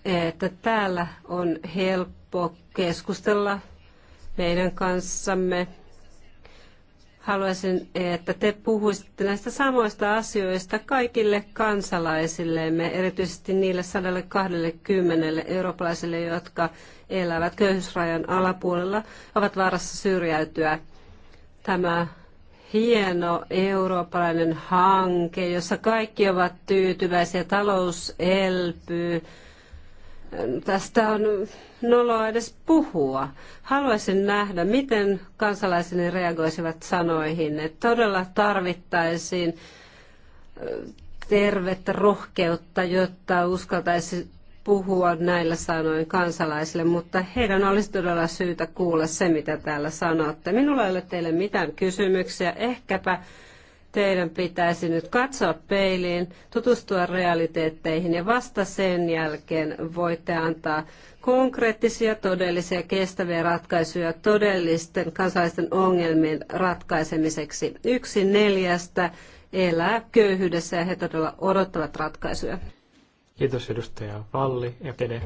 että täällä on helppo keskustella meidän kanssamme. Haluaisin, että te puhuisitte näistä samoista asioista kaikille kansalaisillemme, erityisesti niille 120 eurooppalaisille, jotka elävät köyhyysrajan alapuolella, ovat vaarassa syrjäytyä. Tämä hieno eurooppalainen hanke, jossa kaikki ovat tyytyväisiä, talous elpyy. Tästä on noloa edes puhua. Haluaisin nähdä, miten kansalaiseni reagoisivat sanoihin, että todella tarvittaisiin tervettä rohkeutta, jotta uskaltaisi puhua näillä sanoin kansalaisille, mutta heidän olisi todella syytä kuulla se, mitä täällä sanotte. Minulla ei ole teille mitään kysymyksiä. Ehkäpä Teidän pitäisi nyt katsoa peiliin, tutustua realiteetteihin ja vasta sen jälkeen voitte antaa konkreettisia, todellisia, kestäviä ratkaisuja todellisten kansalaisten ongelmien ratkaisemiseksi. Yksi neljästä elää köyhyydessä ja he todella odottavat ratkaisuja. Kiitos edustaja Valli ja Pede.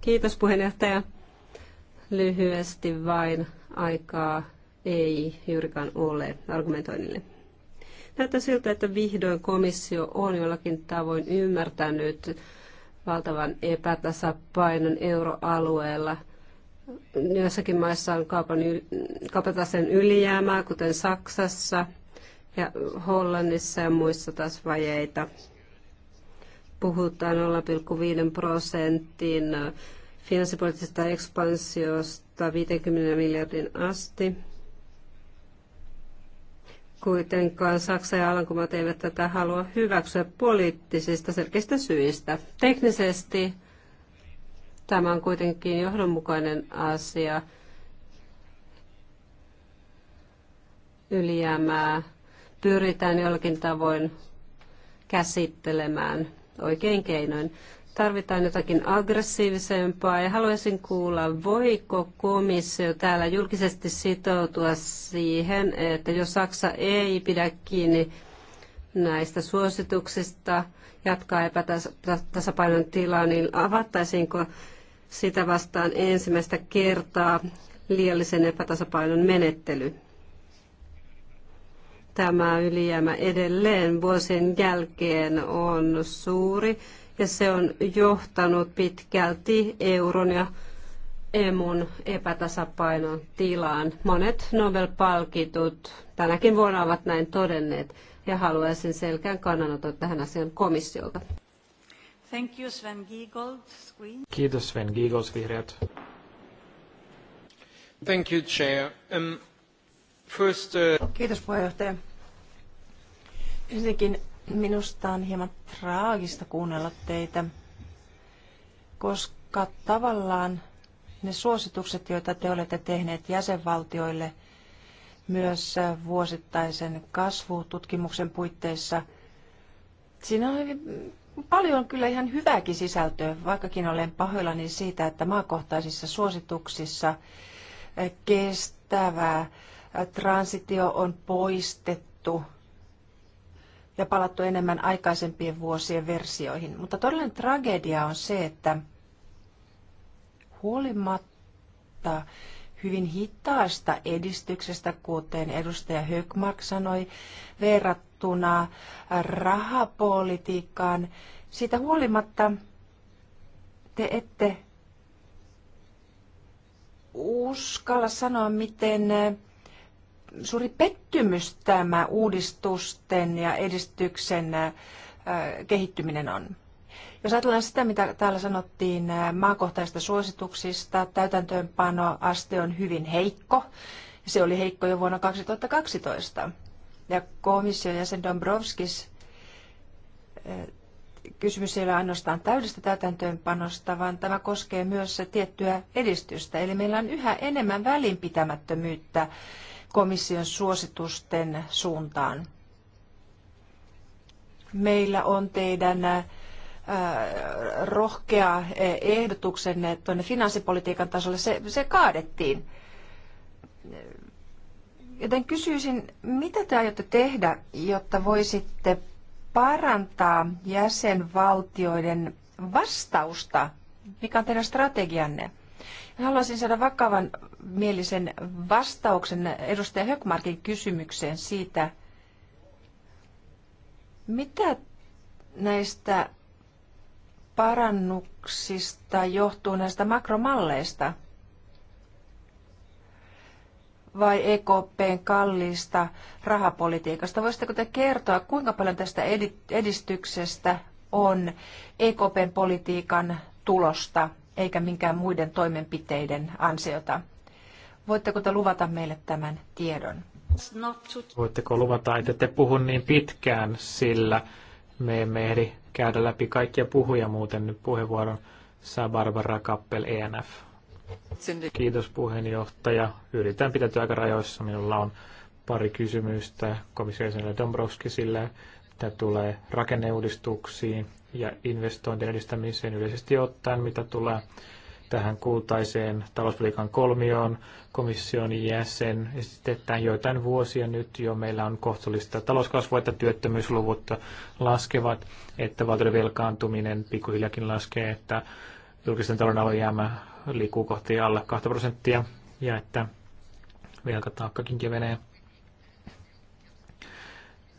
Kiitos puheenjohtaja. Lyhyesti vain aikaa ei juurikaan ole argumentoinnille. Näyttää siltä, että vihdoin komissio on jollakin tavoin ymmärtänyt valtavan epätasapainon euroalueella. Joissakin maissa on kaupan yl- kaupatasen ylijäämää, kuten Saksassa ja Hollannissa ja muissa taas vajeita. Puhutaan 0,5 prosentin finanssipoliittisesta ekspansiosta 50 miljardin asti. Kuitenkaan Saksa ja Alankomaat eivät tätä halua hyväksyä poliittisista selkeistä syistä. Teknisesti tämä on kuitenkin johdonmukainen asia. Ylijäämää pyritään jollakin tavoin käsittelemään oikein keinoin. Tarvitaan jotakin aggressiivisempaa ja haluaisin kuulla, voiko komissio täällä julkisesti sitoutua siihen, että jos Saksa ei pidä kiinni näistä suosituksista, jatkaa epätasapainon tilaa, niin avattaisiinko sitä vastaan ensimmäistä kertaa liiallisen epätasapainon menettely? Tämä ylijäämä edelleen vuosien jälkeen on suuri ja se on johtanut pitkälti euron ja emun epätasapainon tilaan. Monet Nobel-palkitut tänäkin vuonna ovat näin todenneet ja haluaisin selkeän kannanoton tähän asian komissiolta. Thank you, Sven Giegold, Kiitos Sven Giegold, vihreät. Thank you, Chair. Um, first, uh... Kiitos puheenjohtaja. Ensinnäkin Minusta on hieman traagista kuunnella teitä, koska tavallaan ne suositukset, joita te olette tehneet jäsenvaltioille myös vuosittaisen kasvututkimuksen puitteissa, siinä on hyvin paljon kyllä ihan hyvääkin sisältöä, vaikkakin olen pahoillani siitä, että maakohtaisissa suosituksissa kestävää transitio on poistettu – ja palattu enemmän aikaisempien vuosien versioihin. Mutta todellinen tragedia on se, että huolimatta hyvin hitaasta edistyksestä, kuten edustaja Högmark sanoi, verrattuna rahapolitiikkaan, siitä huolimatta te ette uskalla sanoa, miten suuri pettymys tämä uudistusten ja edistyksen kehittyminen on. Jos ajatellaan sitä, mitä täällä sanottiin maakohtaisista suosituksista, täytäntöönpanoaste on hyvin heikko. Se oli heikko jo vuonna 2012. Ja komission jäsen Dombrovskis, kysymys ei ole ainoastaan täydestä täytäntöönpanosta, vaan tämä koskee myös tiettyä edistystä. Eli meillä on yhä enemmän välinpitämättömyyttä komission suositusten suuntaan. Meillä on teidän rohkea ehdotuksenne tuonne finanssipolitiikan tasolle, se, se kaadettiin. Joten kysyisin, mitä te aiotte tehdä, jotta voisitte parantaa jäsenvaltioiden vastausta? Mikä on teidän strategianne? Haluaisin saada vakavan mielisen vastauksen edustaja Höckmarkin kysymykseen siitä, mitä näistä parannuksista johtuu näistä makromalleista vai EKPn kalliista rahapolitiikasta? Voisitteko te kertoa, kuinka paljon tästä edistyksestä on EKPn politiikan tulosta eikä minkään muiden toimenpiteiden ansiota. Voitteko te luvata meille tämän tiedon? Voitteko luvata, että te puhu niin pitkään, sillä me emme ehdi käydä läpi kaikkia puhuja muuten nyt puheenvuoron saa Barbara Kappel ENF. Kiitos puheenjohtaja. Yritän pitäytyä aika rajoissa. Minulla on pari kysymystä komissiojäsenelle Dombrovskisille mitä tulee rakenneuudistuksiin ja investointien edistämiseen yleisesti ottaen, mitä tulee tähän kultaiseen talouspolitiikan kolmioon. Komission jäsen esitetään joitain vuosia nyt jo. Meillä on kohtuullista talouskasvua, että työttömyysluvut laskevat, että valtioiden velkaantuminen pikkuhiljakin laskee, että julkisen talouden alijäämä liikkuu kohti alle 2 prosenttia ja että velkataakkakin kevenee.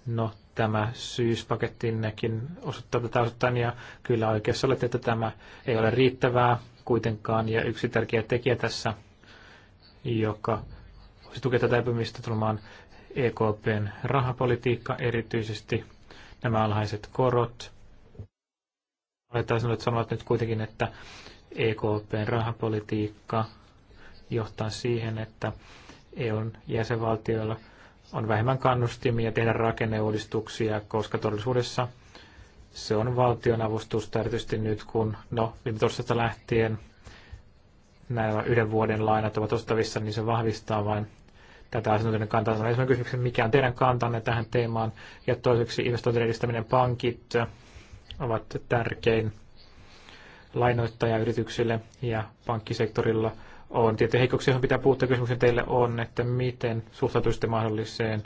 No, tämä syyspakettinnekin osoittaa tätä osittain, ja kyllä oikeassa olette, että tämä ei ole riittävää kuitenkaan, ja yksi tärkeä tekijä tässä, joka voisi tukea tätä epämistä tulemaan EKPn rahapolitiikka, erityisesti nämä alhaiset korot. Olettaisin, että sanovat nyt kuitenkin, että EKPn rahapolitiikka johtaa siihen, että EUn jäsenvaltioilla – on vähemmän kannustimia tehdä rakenneuudistuksia, koska todellisuudessa se on valtion avustusta, erityisesti nyt kun, no, viime torstaista lähtien nämä yhden vuoden lainat ovat ostavissa, niin se vahvistaa vain tätä asiantuntijan kantaa. Sanoin ensimmäinen kysymys, mikä on teidän kantanne tähän teemaan, ja toiseksi investointien edistäminen pankit ovat tärkein lainoittaja yrityksille ja pankkisektorilla – on tiettyjä heikkouksia, joihin pitää puuttua. Kysymyksen teille on, että miten suhtautuisitte mahdolliseen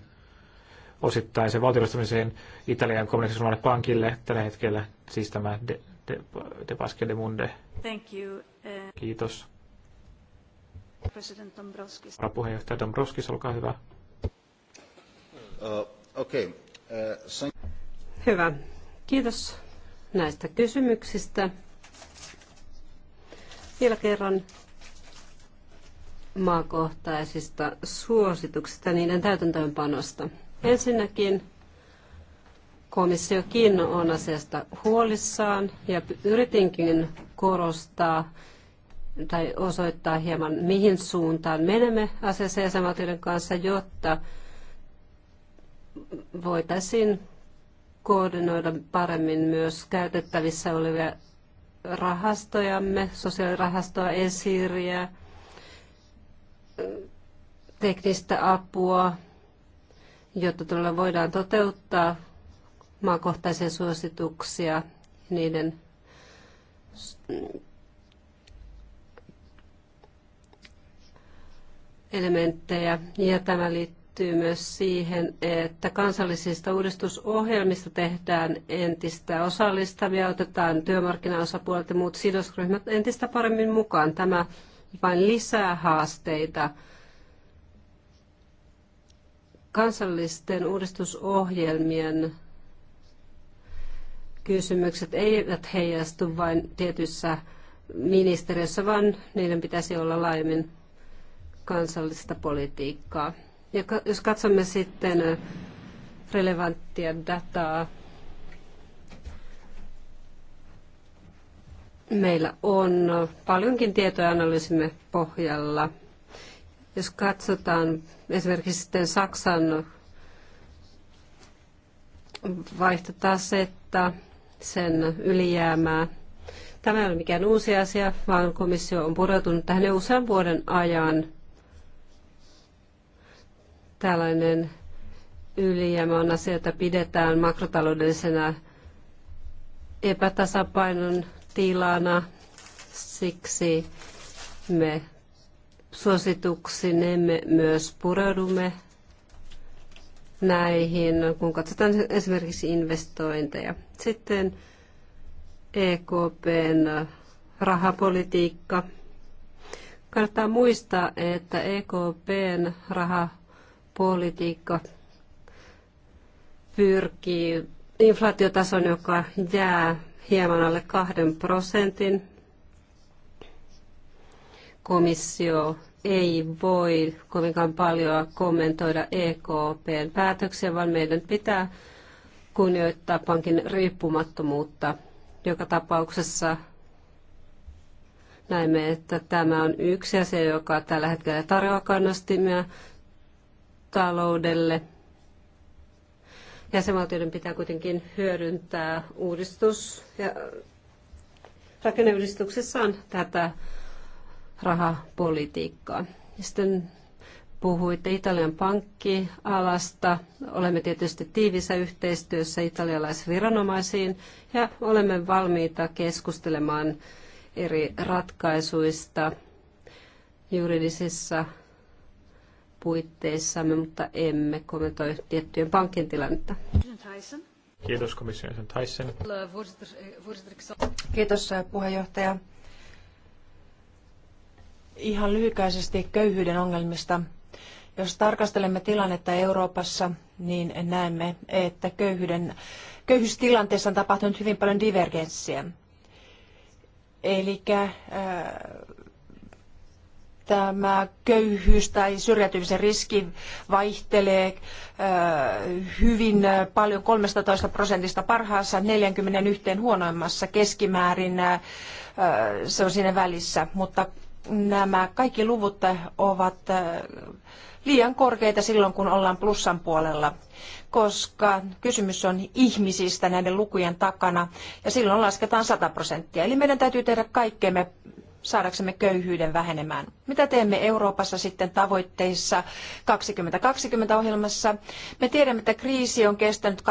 osittaisen valtiollistamiseen Italian kommunikationalle pankille tällä hetkellä, siis tämä De, de, de Pasque de Munde. Thank you. Uh, Kiitos. President Dombrovskis. Puheenjohtaja Dombrovskis, olkaa hyvä. Uh, okay. uh, hyvä. Kiitos näistä kysymyksistä. Vielä kerran maakohtaisista suosituksista niiden täytäntöönpanosta. Ensinnäkin komissiokin on asiasta huolissaan ja yritinkin korostaa tai osoittaa hieman, mihin suuntaan menemme asiassa jäsenvaltioiden kanssa, jotta voitaisiin koordinoida paremmin myös käytettävissä olevia rahastojamme, sosiaalirahastoa, esiriä, teknistä apua, jotta todella voidaan toteuttaa maakohtaisia suosituksia, niiden elementtejä. Ja tämä liittyy myös siihen, että kansallisista uudistusohjelmista tehdään entistä osallistavia, otetaan työmarkkinaosapuolet ja muut sidosryhmät entistä paremmin mukaan. Tämä vain lisää haasteita. Kansallisten uudistusohjelmien kysymykset eivät heijastu vain tietyissä ministeriössä, vaan niiden pitäisi olla laajemmin kansallista politiikkaa. Ja jos katsomme sitten relevanttia dataa meillä on paljonkin tietoja analyysimme pohjalla. Jos katsotaan esimerkiksi sitten Saksan vaihtotasetta, sen ylijäämää. Tämä ei ole mikään uusi asia, vaan komissio on pureutunut tähän jo usean vuoden ajan. Tällainen ylijäämä on asia, jota pidetään makrotaloudellisena epätasapainon tilana. Siksi me suosituksinemme myös pureudumme näihin, kun katsotaan esimerkiksi investointeja. Sitten EKPn rahapolitiikka. Kannattaa muistaa, että EKPn rahapolitiikka pyrkii inflaatiotason, joka jää hieman alle kahden prosentin. Komissio ei voi kovinkaan paljon kommentoida EKPn päätöksiä, vaan meidän pitää kunnioittaa pankin riippumattomuutta. Joka tapauksessa näemme, että tämä on yksi asia, joka tällä hetkellä tarjoaa kannustimia taloudelle – Jäsenvaltioiden pitää kuitenkin hyödyntää uudistus ja rakenneuudistuksessaan tätä rahapolitiikkaa. Ja sitten puhuitte Italian pankkialasta. Olemme tietysti tiivissä yhteistyössä italialaisviranomaisiin ja olemme valmiita keskustelemaan eri ratkaisuista juridisissa puitteissamme, mutta emme kommentoi tiettyjen pankin tilannetta. Kiitos komission Tyson. Kiitos äh, puheenjohtaja. Ihan lyhykäisesti köyhyyden ongelmista. Jos tarkastelemme tilannetta Euroopassa, niin näemme, että köyhyyden, köyhyystilanteessa on tapahtunut hyvin paljon divergenssiä. Eli tämä köyhyys tai syrjäytymisen riski vaihtelee äh, hyvin paljon 13 prosentista parhaassa 41 huonoimmassa keskimäärin. Äh, se on siinä välissä, mutta nämä kaikki luvut ovat äh, liian korkeita silloin, kun ollaan plussan puolella, koska kysymys on ihmisistä näiden lukujen takana ja silloin lasketaan 100 prosenttia. Eli meidän täytyy tehdä kaikkemme saadaksemme köyhyyden vähenemään. Mitä teemme Euroopassa sitten tavoitteissa 2020-ohjelmassa? Me tiedämme, että kriisi on kestänyt 2009-2012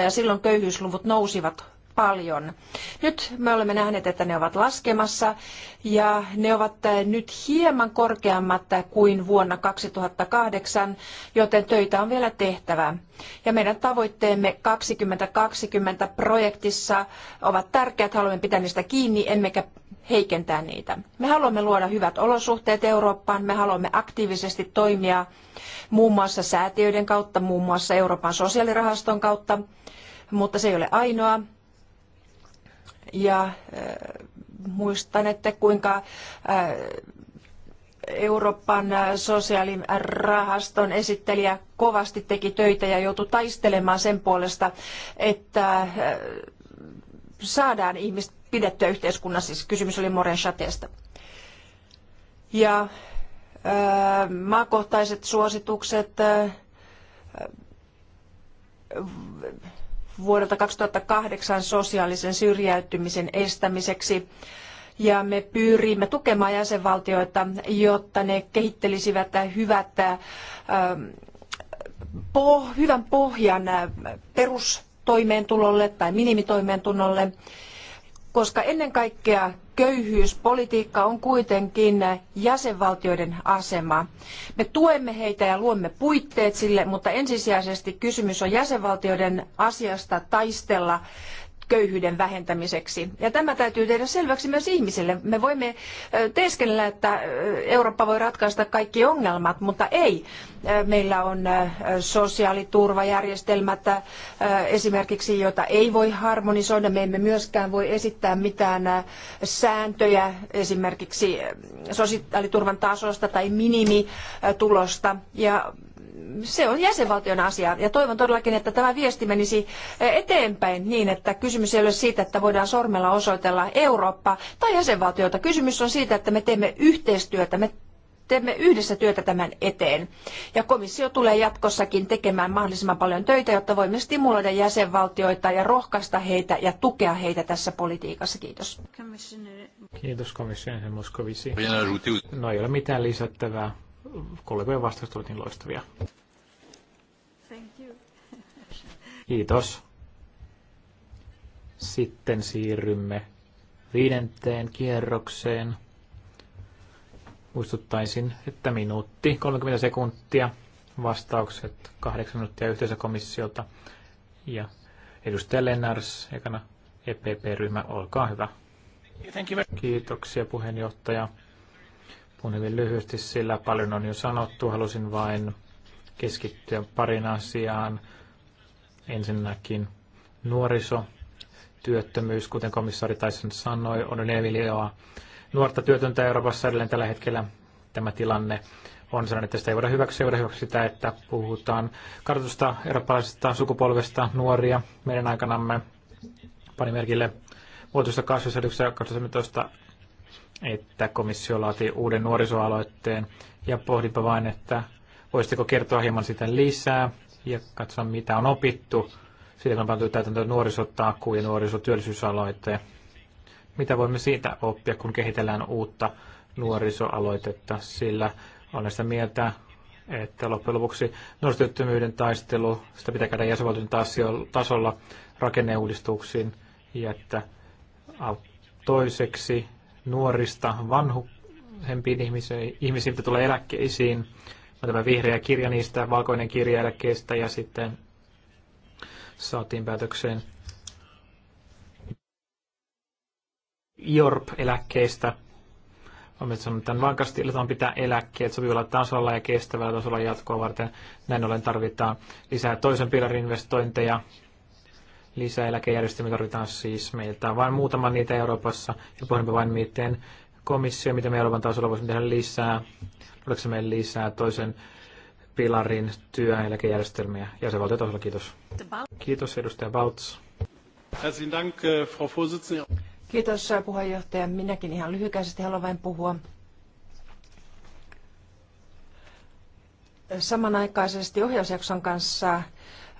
ja silloin köyhyysluvut nousivat paljon. Nyt me olemme nähneet, että ne ovat laskemassa ja ne ovat eh, nyt hieman korkeammat kuin vuonna 2008, joten töitä on vielä tehtävä. Ja meidän tavoitteemme 2020 projektissa ovat tärkeät, haluamme pitää niistä kiinni, emmekä heikentää niitä. Me haluamme luoda hyvät olosuhteet Eurooppaan, me haluamme aktiivisesti toimia muun muassa säätiöiden kautta, muun muassa Euroopan sosiaalirahaston kautta, mutta se ei ole ainoa. Ja äh, muistan, että kuinka äh, Euroopan äh, sosiaalirahaston esittelijä kovasti teki töitä ja joutui taistelemaan sen puolesta, että saadaan ihmiset pidettyä yhteiskunnassa. Siis kysymys oli Moren Chateesta. Ja äh, maakohtaiset suositukset, äh, vuodelta 2008 sosiaalisen syrjäytymisen estämiseksi. Ja me pyrimme tukemaan jäsenvaltioita, jotta ne kehittelisivät hyvät, hyvän pohjan perustoimeentulolle tai minimitoimeentulolle koska ennen kaikkea köyhyyspolitiikka on kuitenkin jäsenvaltioiden asema. Me tuemme heitä ja luomme puitteet sille, mutta ensisijaisesti kysymys on jäsenvaltioiden asiasta taistella köyhyyden vähentämiseksi. Ja tämä täytyy tehdä selväksi myös ihmisille. Me voimme teeskennellä, että Eurooppa voi ratkaista kaikki ongelmat, mutta ei. Meillä on sosiaaliturvajärjestelmät esimerkiksi, joita ei voi harmonisoida. Me emme myöskään voi esittää mitään sääntöjä esimerkiksi sosiaaliturvan tasosta tai minimitulosta. Ja se on jäsenvaltion asia. Ja toivon todellakin, että tämä viesti menisi eteenpäin niin, että kysymys ei ole siitä, että voidaan sormella osoitella Eurooppaa tai jäsenvaltioita. Kysymys on siitä, että me teemme yhteistyötä, me teemme yhdessä työtä tämän eteen. Ja komissio tulee jatkossakin tekemään mahdollisimman paljon töitä, jotta voimme stimuloida jäsenvaltioita ja rohkaista heitä ja tukea heitä tässä politiikassa. Kiitos. Kiitos komission Moskovisi. No ei ole mitään lisättävää kollegojen vastaukset olivat niin loistavia. Thank you. Kiitos. Sitten siirrymme viidenteen kierrokseen. Muistuttaisin, että minuutti 30 sekuntia vastaukset, kahdeksan minuuttia yhteensä komissiolta. Ja edustaja Lennars, ekana EPP-ryhmä, olkaa hyvä. Kiitoksia puheenjohtaja. Puhun hyvin lyhyesti, sillä paljon on jo sanottu. Halusin vain keskittyä parin asiaan. Ensinnäkin nuoriso, työttömyys, kuten komissaari Tyson sanoi, on yli miljoonaa nuorta työtöntä Euroopassa edelleen tällä hetkellä tämä tilanne on sellainen, että sitä ei voida hyväksyä, ei voida hyväksyä sitä, että puhutaan kartoitusta eurooppalaisesta sukupolvesta nuoria meidän aikanamme. Pani merkille vuotuista kasvusedyksessä 2017 että komissio laati uuden nuorisoaloitteen ja pohdinpa vain, että voisitteko kertoa hieman sitä lisää ja katsoa, mitä on opittu siitä, kun on pantu täytäntöön nuorisotakuu ja nuorisotyöllisyysaloite. Mitä voimme siitä oppia, kun kehitellään uutta nuorisoaloitetta, sillä olen sitä mieltä, että loppujen lopuksi nuorisotyöttömyyden taistelu, sitä pitää käydä jäsenvaltion tasolla rakenneuudistuksiin ja että toiseksi nuorista vanhempiin ihmisiltä tulee eläkkeisiin. On tämä vihreä kirja niistä, valkoinen kirja eläkkeistä ja sitten saatiin päätökseen IORP-eläkkeistä. Olemme sanoneet tämän vankasti, on pitää eläkkeet sopivalla tasolla ja kestävällä tasolla jatkoa varten. Näin ollen tarvitaan lisää toisen pilarin investointeja, lisäeläkejärjestelmiä tarvitaan siis meiltä vain muutama niitä Euroopassa ja pohdimme vain miten komissio, mitä me Euroopan tasolla voisimme tehdä lisää, oliko meille lisää toisen pilarin työeläkejärjestelmiä se tasolla. Kiitos. Kiitos edustaja Baltz. Äh, kiitos äh, puheenjohtaja. Minäkin ihan lyhykäisesti haluan vain puhua samanaikaisesti ohjausjakson kanssa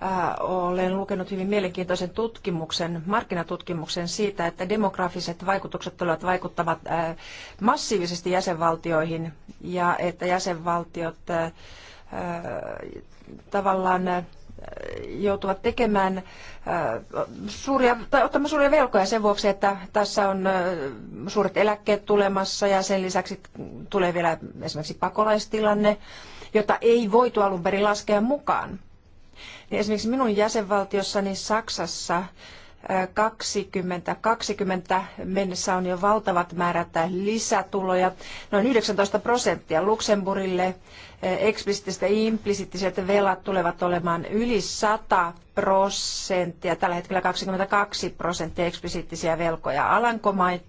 Äh, olen lukenut hyvin mielenkiintoisen tutkimuksen, markkinatutkimuksen siitä, että demografiset vaikutukset tulevat vaikuttavat äh, massiivisesti jäsenvaltioihin ja että jäsenvaltiot äh, tavallaan joutuvat tekemään suuria, tai ottamaan suuria velkoja sen vuoksi, että tässä on suuret eläkkeet tulemassa ja sen lisäksi tulee vielä esimerkiksi pakolaistilanne, jota ei voitu alun perin laskea mukaan niin esimerkiksi minun jäsenvaltiossani Saksassa 2020 mennessä on jo valtavat määrät lisätuloja, noin 19 prosenttia Luxemburille. Eksplisiittiset ja implisiittiset velat tulevat olemaan yli 100 prosenttia, tällä hetkellä 22 prosenttia eksplisiittisiä velkoja. Alankomait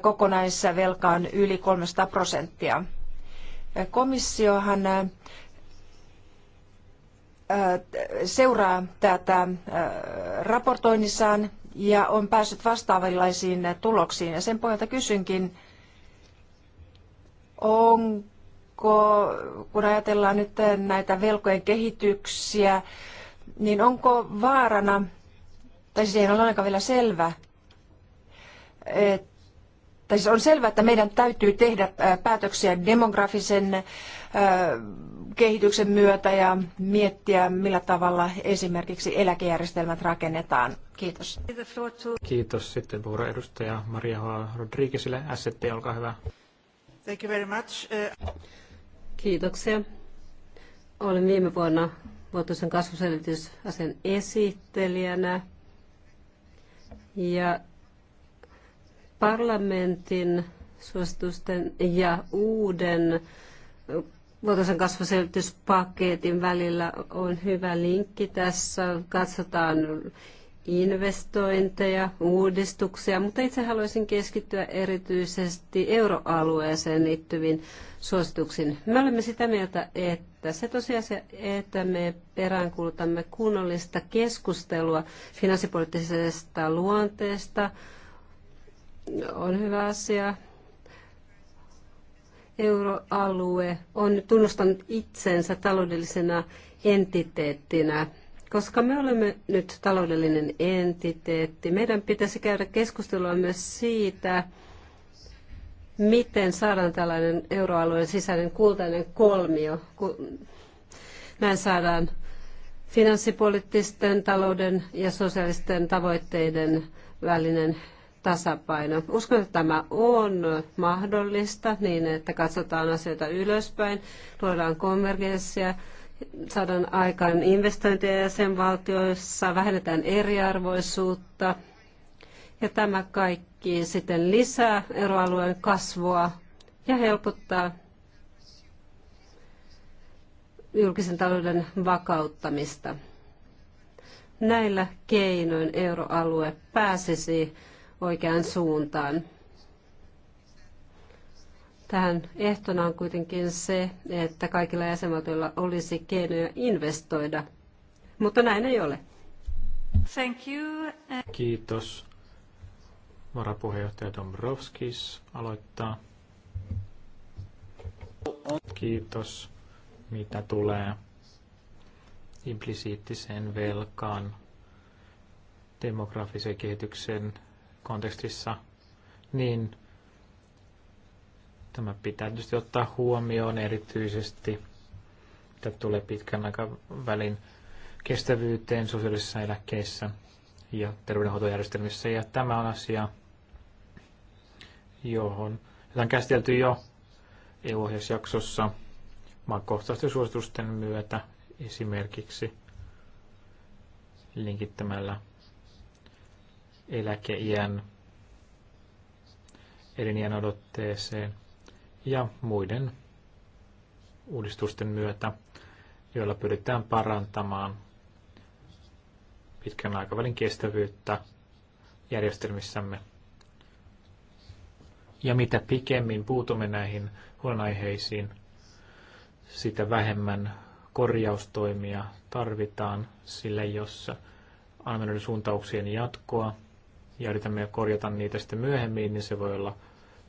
kokonaisvelka on yli 300 prosenttia. Komissiohan seuraa tätä raportoinnissaan ja on päässyt vastaavanlaisiin tuloksiin. Ja sen pohjalta kysynkin, onko, kun ajatellaan nyt näitä velkojen kehityksiä, niin onko vaarana, tai siis ei ole ainakaan vielä selvä, että tai siis on selvää, että meidän täytyy tehdä päätöksiä demografisen kehityksen myötä ja miettiä, millä tavalla esimerkiksi eläkejärjestelmät rakennetaan. Kiitos. Kiitos. Sitten puhuu edustaja Maria Rodriguezille. SCT, olkaa hyvä. Thank you very much. Uh, Kiitoksia. Olen viime vuonna vuotuisen kasvuselvitysasian esittelijänä. Ja parlamentin suositusten ja uuden vuotuisen kasvuselityspaketin välillä on hyvä linkki tässä. Katsotaan investointeja, uudistuksia, mutta itse haluaisin keskittyä erityisesti euroalueeseen liittyviin suosituksiin. Me olemme sitä mieltä, että se tosiasia, että me peräänkuulutamme kunnollista keskustelua finanssipoliittisesta luonteesta, on hyvä asia. Euroalue on tunnustanut itsensä taloudellisena entiteettinä. Koska me olemme nyt taloudellinen entiteetti, meidän pitäisi käydä keskustelua myös siitä, miten saadaan tällainen euroalueen sisäinen kultainen kolmio. Näin saadaan finanssipoliittisten, talouden ja sosiaalisten tavoitteiden välinen tasapaino. Uskon, että tämä on mahdollista niin, että katsotaan asioita ylöspäin, luodaan konvergenssia, saadaan aikaan investointeja jäsenvaltioissa, vähennetään eriarvoisuutta ja tämä kaikki sitten lisää euroalueen kasvua ja helpottaa julkisen talouden vakauttamista. Näillä keinoin euroalue pääsisi oikeaan suuntaan. Tähän ehtona on kuitenkin se, että kaikilla jäsenvaltioilla olisi keinoja investoida, mutta näin ei ole. Thank you. Kiitos. Varapuheenjohtaja Dombrovskis aloittaa. Kiitos. Mitä tulee implisiittiseen velkaan, demografisen kehityksen kontekstissa, niin tämä pitää tietysti ottaa huomioon erityisesti, mitä tulee pitkän aikavälin kestävyyteen sosiaalisissa eläkkeissä ja terveydenhoitojärjestelmissä. Ja tämä on asia, johon, jota on käsitelty jo EU-ohjausjaksossa maakohtaisten suositusten myötä esimerkiksi linkittämällä eläkeiän, eliniän odotteeseen ja muiden uudistusten myötä, joilla pyritään parantamaan pitkän aikavälin kestävyyttä järjestelmissämme. Ja mitä pikemmin puutumme näihin huonaiheisiin, sitä vähemmän korjaustoimia tarvitaan, sille jos annamme suuntauksien jatkoa, ja yritämme korjata niitä sitten myöhemmin, niin se voi olla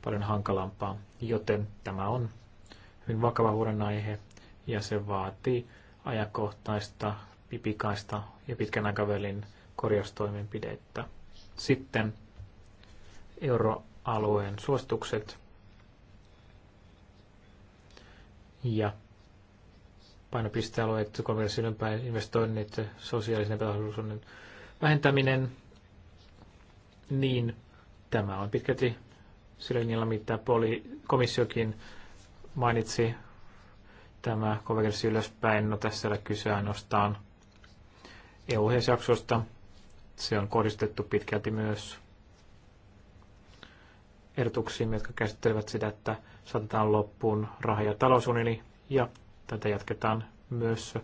paljon hankalampaa. Joten tämä on hyvin vakava huolenaihe ja se vaatii ajankohtaista, pipikaista ja pitkän aikavälin korjaustoimenpideitä. Sitten euroalueen suositukset ja painopistealueet, konversiin päin investoinnit, sosiaalisen epätasaisuuden vähentäminen, niin tämä on pitkälti sillä linjalla, mitä poli, komissiokin mainitsi tämä konvergenssi ylöspäin. No tässä ei kyse ainoastaan eu jaksosta Se on kohdistettu pitkälti myös ehdotuksiin, jotka käsittelevät sitä, että saatetaan loppuun raha- ja talousunioni, ja tätä jatketaan myös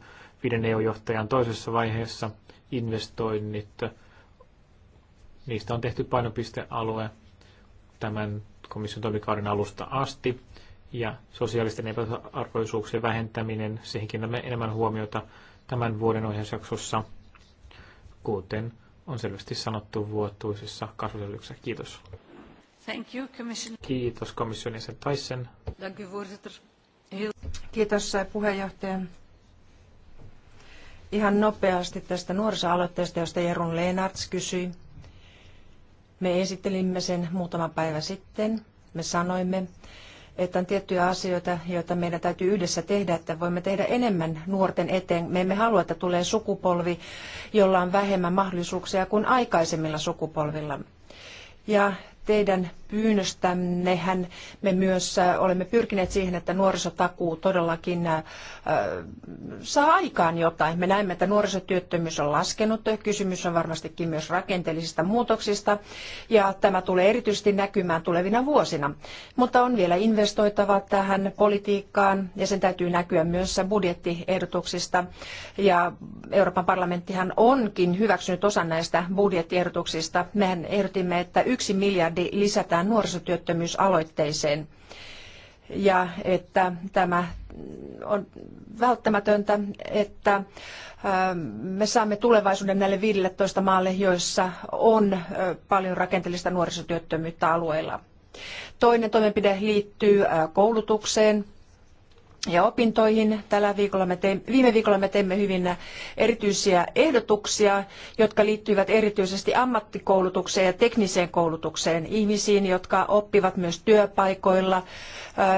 viiden EU-johtajan toisessa vaiheessa investoinnit Niistä on tehty painopistealue tämän komission toimikauden alusta asti. Ja sosiaalisten epäarvoisuuksien vähentäminen, siihenkin olemme enemmän huomiota tämän vuoden ohjausjaksossa, kuten on selvästi sanottu vuotuisessa kasvuselvityksessä. Kiitos. Thank you, commission. Kiitos komission jäsen Taisen. Thank you, Kiitos eh, puheenjohtaja. Ihan nopeasti tästä nuorisoaloitteesta, josta Jerun Leenarts kysyi. Me esittelimme sen muutama päivä sitten. Me sanoimme, että on tiettyjä asioita, joita meidän täytyy yhdessä tehdä, että voimme tehdä enemmän nuorten eteen. Me emme halua, että tulee sukupolvi, jolla on vähemmän mahdollisuuksia kuin aikaisemmilla sukupolvilla. Ja teidän pyynnöstämmehän me myös äh, olemme pyrkineet siihen, että nuorisotakuu todellakin äh, saa aikaan jotain. Me näemme, että nuorisotyöttömyys on laskenut. Kysymys on varmastikin myös rakenteellisista muutoksista ja tämä tulee erityisesti näkymään tulevina vuosina. Mutta on vielä investoitava tähän politiikkaan ja sen täytyy näkyä myös budjettiehdotuksista. Ja Euroopan parlamenttihan onkin hyväksynyt osan näistä budjettiehdotuksista. Mehän ehdotimme, että yksi miljardi lisätään tähän nuorisotyöttömyysaloitteeseen ja että tämä on välttämätöntä, että ähm, me saamme tulevaisuuden näille 15 maalle, joissa on äh, paljon rakenteellista nuorisotyöttömyyttä alueilla. Toinen toimenpide liittyy äh, koulutukseen ja opintoihin. Tällä viikolla me teimme, viime viikolla me teimme hyvin erityisiä ehdotuksia, jotka liittyivät erityisesti ammattikoulutukseen ja tekniseen koulutukseen ihmisiin, jotka oppivat myös työpaikoilla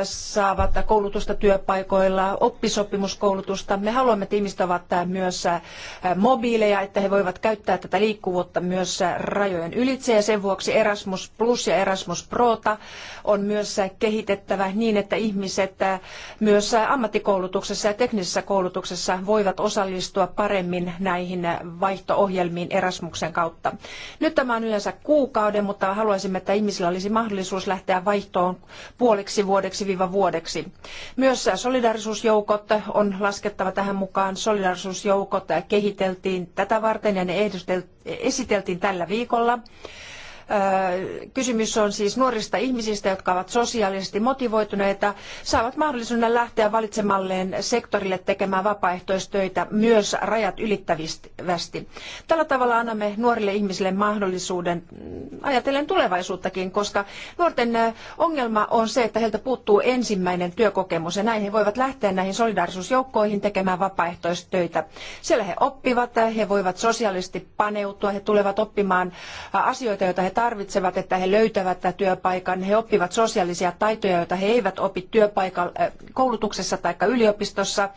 saavat koulutusta työpaikoilla, oppisopimuskoulutusta. Me haluamme, että ihmiset ovat myös mobiileja, että he voivat käyttää tätä liikkuvuutta myös rajojen ylitse. Ja sen vuoksi Erasmus Plus ja Erasmus Prota on myös kehitettävä niin, että ihmiset myös ammattikoulutuksessa ja teknisessä koulutuksessa voivat osallistua paremmin näihin vaihto-ohjelmiin Erasmuksen kautta. Nyt tämä on yleensä kuukauden, mutta haluaisimme, että ihmisillä olisi mahdollisuus lähteä vaihtoon puoliksi vuodeksi kahdeksi-vuodeksi. Myös solidarisuusjoukot on laskettava tähän mukaan. Solidarisuusjoukot kehiteltiin tätä varten ja ne esiteltiin tällä viikolla. Kysymys on siis nuorista ihmisistä, jotka ovat sosiaalisesti motivoituneita, saavat mahdollisuuden lähteä valitsemalleen sektorille tekemään vapaaehtoistöitä myös rajat ylittävästi. Tällä tavalla annamme nuorille ihmisille mahdollisuuden mm, ajatellen tulevaisuuttakin, koska nuorten ongelma on se, että heiltä puuttuu ensimmäinen työkokemus ja näin he voivat lähteä näihin solidaarisuusjoukkoihin tekemään vapaaehtoistöitä. Siellä he oppivat, he voivat sosiaalisesti paneutua, he tulevat oppimaan asioita, joita he tarvitsevat, että he löytävät tämän työpaikan. He oppivat sosiaalisia taitoja, joita he eivät opi työpaikalla, äh, koulutuksessa tai yliopistossa.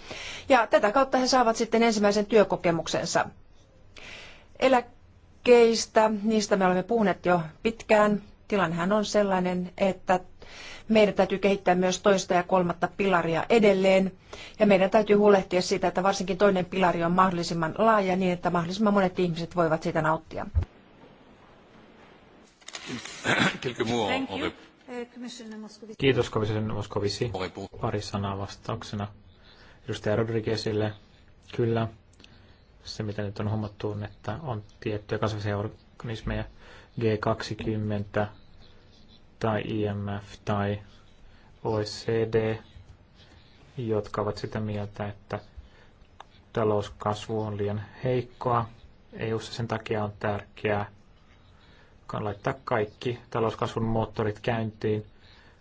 Ja tätä kautta he saavat sitten ensimmäisen työkokemuksensa. Eläkkeistä, niistä me olemme puhuneet jo pitkään. Tilannehan on sellainen, että meidän täytyy kehittää myös toista ja kolmatta pilaria edelleen. Ja meidän täytyy huolehtia siitä, että varsinkin toinen pilari on mahdollisimman laaja niin, että mahdollisimman monet ihmiset voivat siitä nauttia. Uh, Kiitos Kovisen Moskovisi. Pari sanaa vastauksena edustaja Rodriguezille. Kyllä, se mitä nyt on huomattu on, että on tiettyjä kasvisia organismeja, G20 tai IMF tai OECD, jotka ovat sitä mieltä, että talouskasvu on liian heikkoa. EU sen takia on tärkeää laittaa kaikki talouskasvun moottorit käyntiin.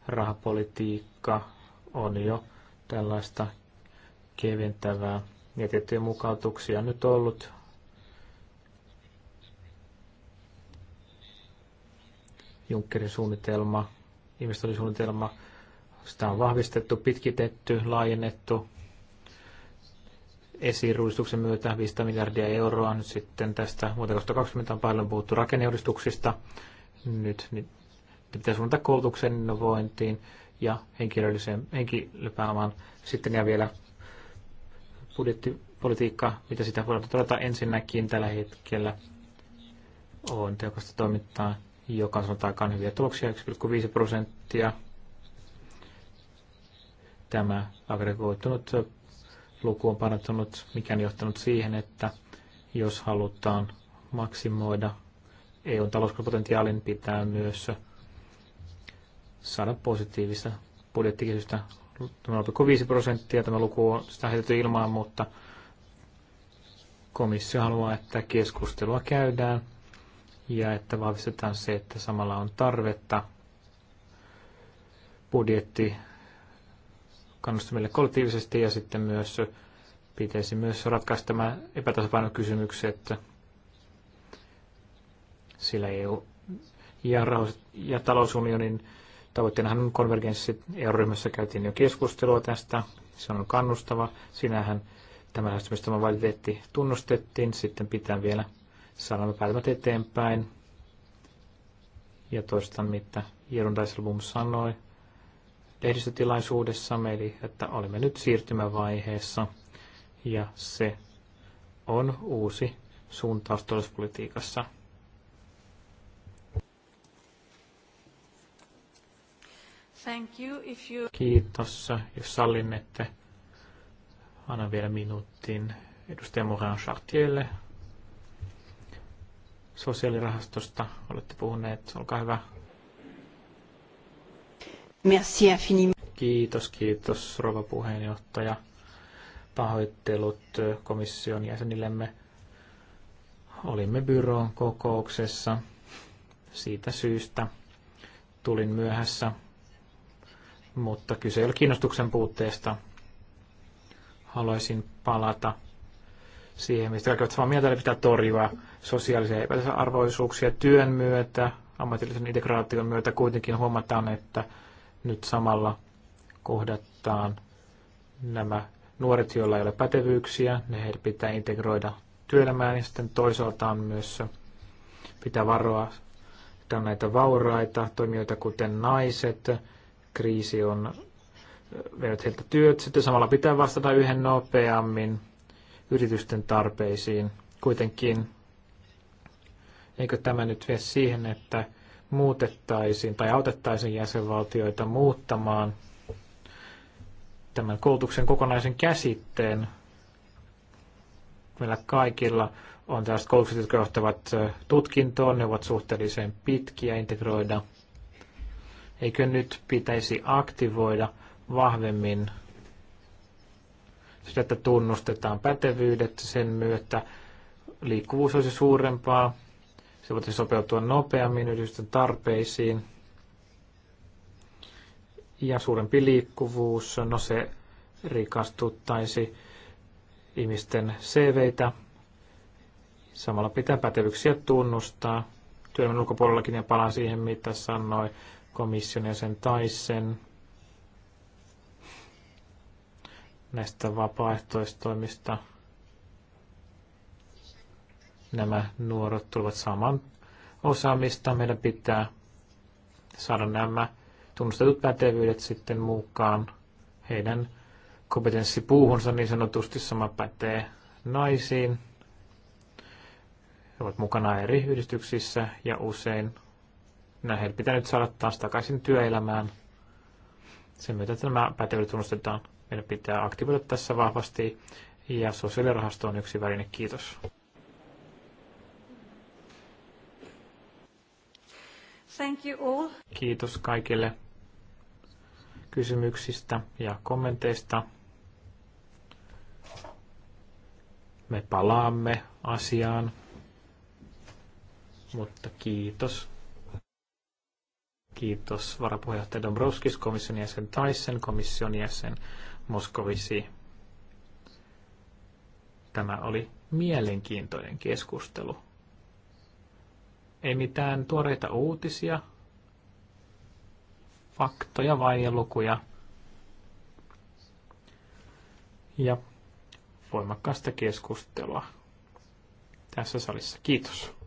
Rahapolitiikka on jo tällaista keventävää ja tiettyjä mukautuksia on nyt ollut. Junckerin suunnitelma, investointisuunnitelma, sitä on vahvistettu, pitkitetty, laajennettu, esiruudistuksen myötä 500 miljardia euroa. Nyt sitten tästä vuoteen 2020 on paljon puhuttu rakenneuudistuksista. Nyt niin pitää suunnata koulutuksen innovointiin ja henkilölliseen henkilöpääomaan. Sitten ja vielä budjettipolitiikka, mitä sitä voidaan todeta ensinnäkin tällä hetkellä on tehokasta toimintaa, joka on sanotaan hyviä tuloksia, 1,5 prosenttia. Tämä aggregoitunut luku on parantunut, mikä on johtanut siihen, että jos halutaan maksimoida EUn talouskulupotentiaalin, pitää myös saada positiivista budjettikehystä. Tämä 0,5 prosenttia tämä luku on sitä heitetty ilmaan, mutta komissio haluaa, että keskustelua käydään ja että vahvistetaan se, että samalla on tarvetta budjetti kannustamille kollektiivisesti ja sitten myös pitäisi myös ratkaista tämä epätasapainokysymykset, sillä EU ja, rahoitus- ja talousunionin tavoitteenahan on konvergenssi. Euroryhmässä käytiin jo keskustelua tästä, se on kannustava. Sinähän tämä lähestymistava valiteetti tunnustettiin, sitten pitää vielä saada päätämät eteenpäin. Ja toistan, mitä Jerun Dijsselbloem sanoi, lehdistötilaisuudessamme, eli että olemme nyt siirtymävaiheessa ja se on uusi suuntaus talouspolitiikassa. Thank you, if you... Kiitos. Jos sallinnette, annan vielä minuutin edustaja Morin Chartierille sosiaalirahastosta olette puhuneet. Olkaa hyvä. Merci infiniment. Kiitos, kiitos rouva puheenjohtaja. Pahoittelut komission jäsenillemme. Olimme byroon kokouksessa. Siitä syystä tulin myöhässä, mutta kyse ei ole kiinnostuksen puutteesta. Haluaisin palata siihen, mistä kaikki ovat samaa mieltä, eli pitää torjua sosiaalisia epätasa-arvoisuuksia työn myötä, ammatillisen integraation myötä kuitenkin huomataan, että nyt samalla kohdattaan nämä nuoret, joilla ei ole pätevyyksiä, ne pitää integroida työelämään ja sitten toisaaltaan myös pitää varoa on näitä vauraita toimijoita, kuten naiset. Kriisi on vienyt heiltä työt. Sitten samalla pitää vastata yhden nopeammin yritysten tarpeisiin. Kuitenkin, eikö tämä nyt vie siihen, että muutettaisiin tai autettaisiin jäsenvaltioita muuttamaan tämän koulutuksen kokonaisen käsitteen. Meillä kaikilla on tällaiset koulutukset, jotka johtavat tutkintoon, ne ovat suhteellisen pitkiä integroida. Eikö nyt pitäisi aktivoida vahvemmin sitä, että tunnustetaan pätevyydet sen myötä, liikkuvuus olisi suurempaa, se voitaisiin sopeutua nopeammin yritysten tarpeisiin. Ja suurempi liikkuvuus, no se rikastuttaisi ihmisten CVitä. Samalla pitää pätevyyksiä tunnustaa työelämän ulkopuolellakin ja palaan siihen, mitä sanoi komission ja sen Taisen näistä vapaaehtoistoimista – nämä nuoret tulevat saamaan osaamista. Meidän pitää saada nämä tunnustetut pätevyydet sitten mukaan heidän kompetenssipuuhunsa niin sanotusti. Sama pätee naisiin. He ovat mukana eri yhdistyksissä ja usein näihin pitää nyt saada taas takaisin työelämään. Sen myötä, että nämä pätevyydet tunnustetaan, meidän pitää aktivoida tässä vahvasti ja sosiaalirahasto on yksi väline. Kiitos. Thank you all. Kiitos kaikille kysymyksistä ja kommenteista. Me palaamme asiaan, mutta kiitos. Kiitos varapuheenjohtaja Dombrovskis, komission jäsen Tyson, komission jäsen Moskovisi. Tämä oli mielenkiintoinen keskustelu. Ei mitään tuoreita uutisia, faktoja vai ja lukuja. Ja voimakkaasta keskustelua tässä salissa. Kiitos.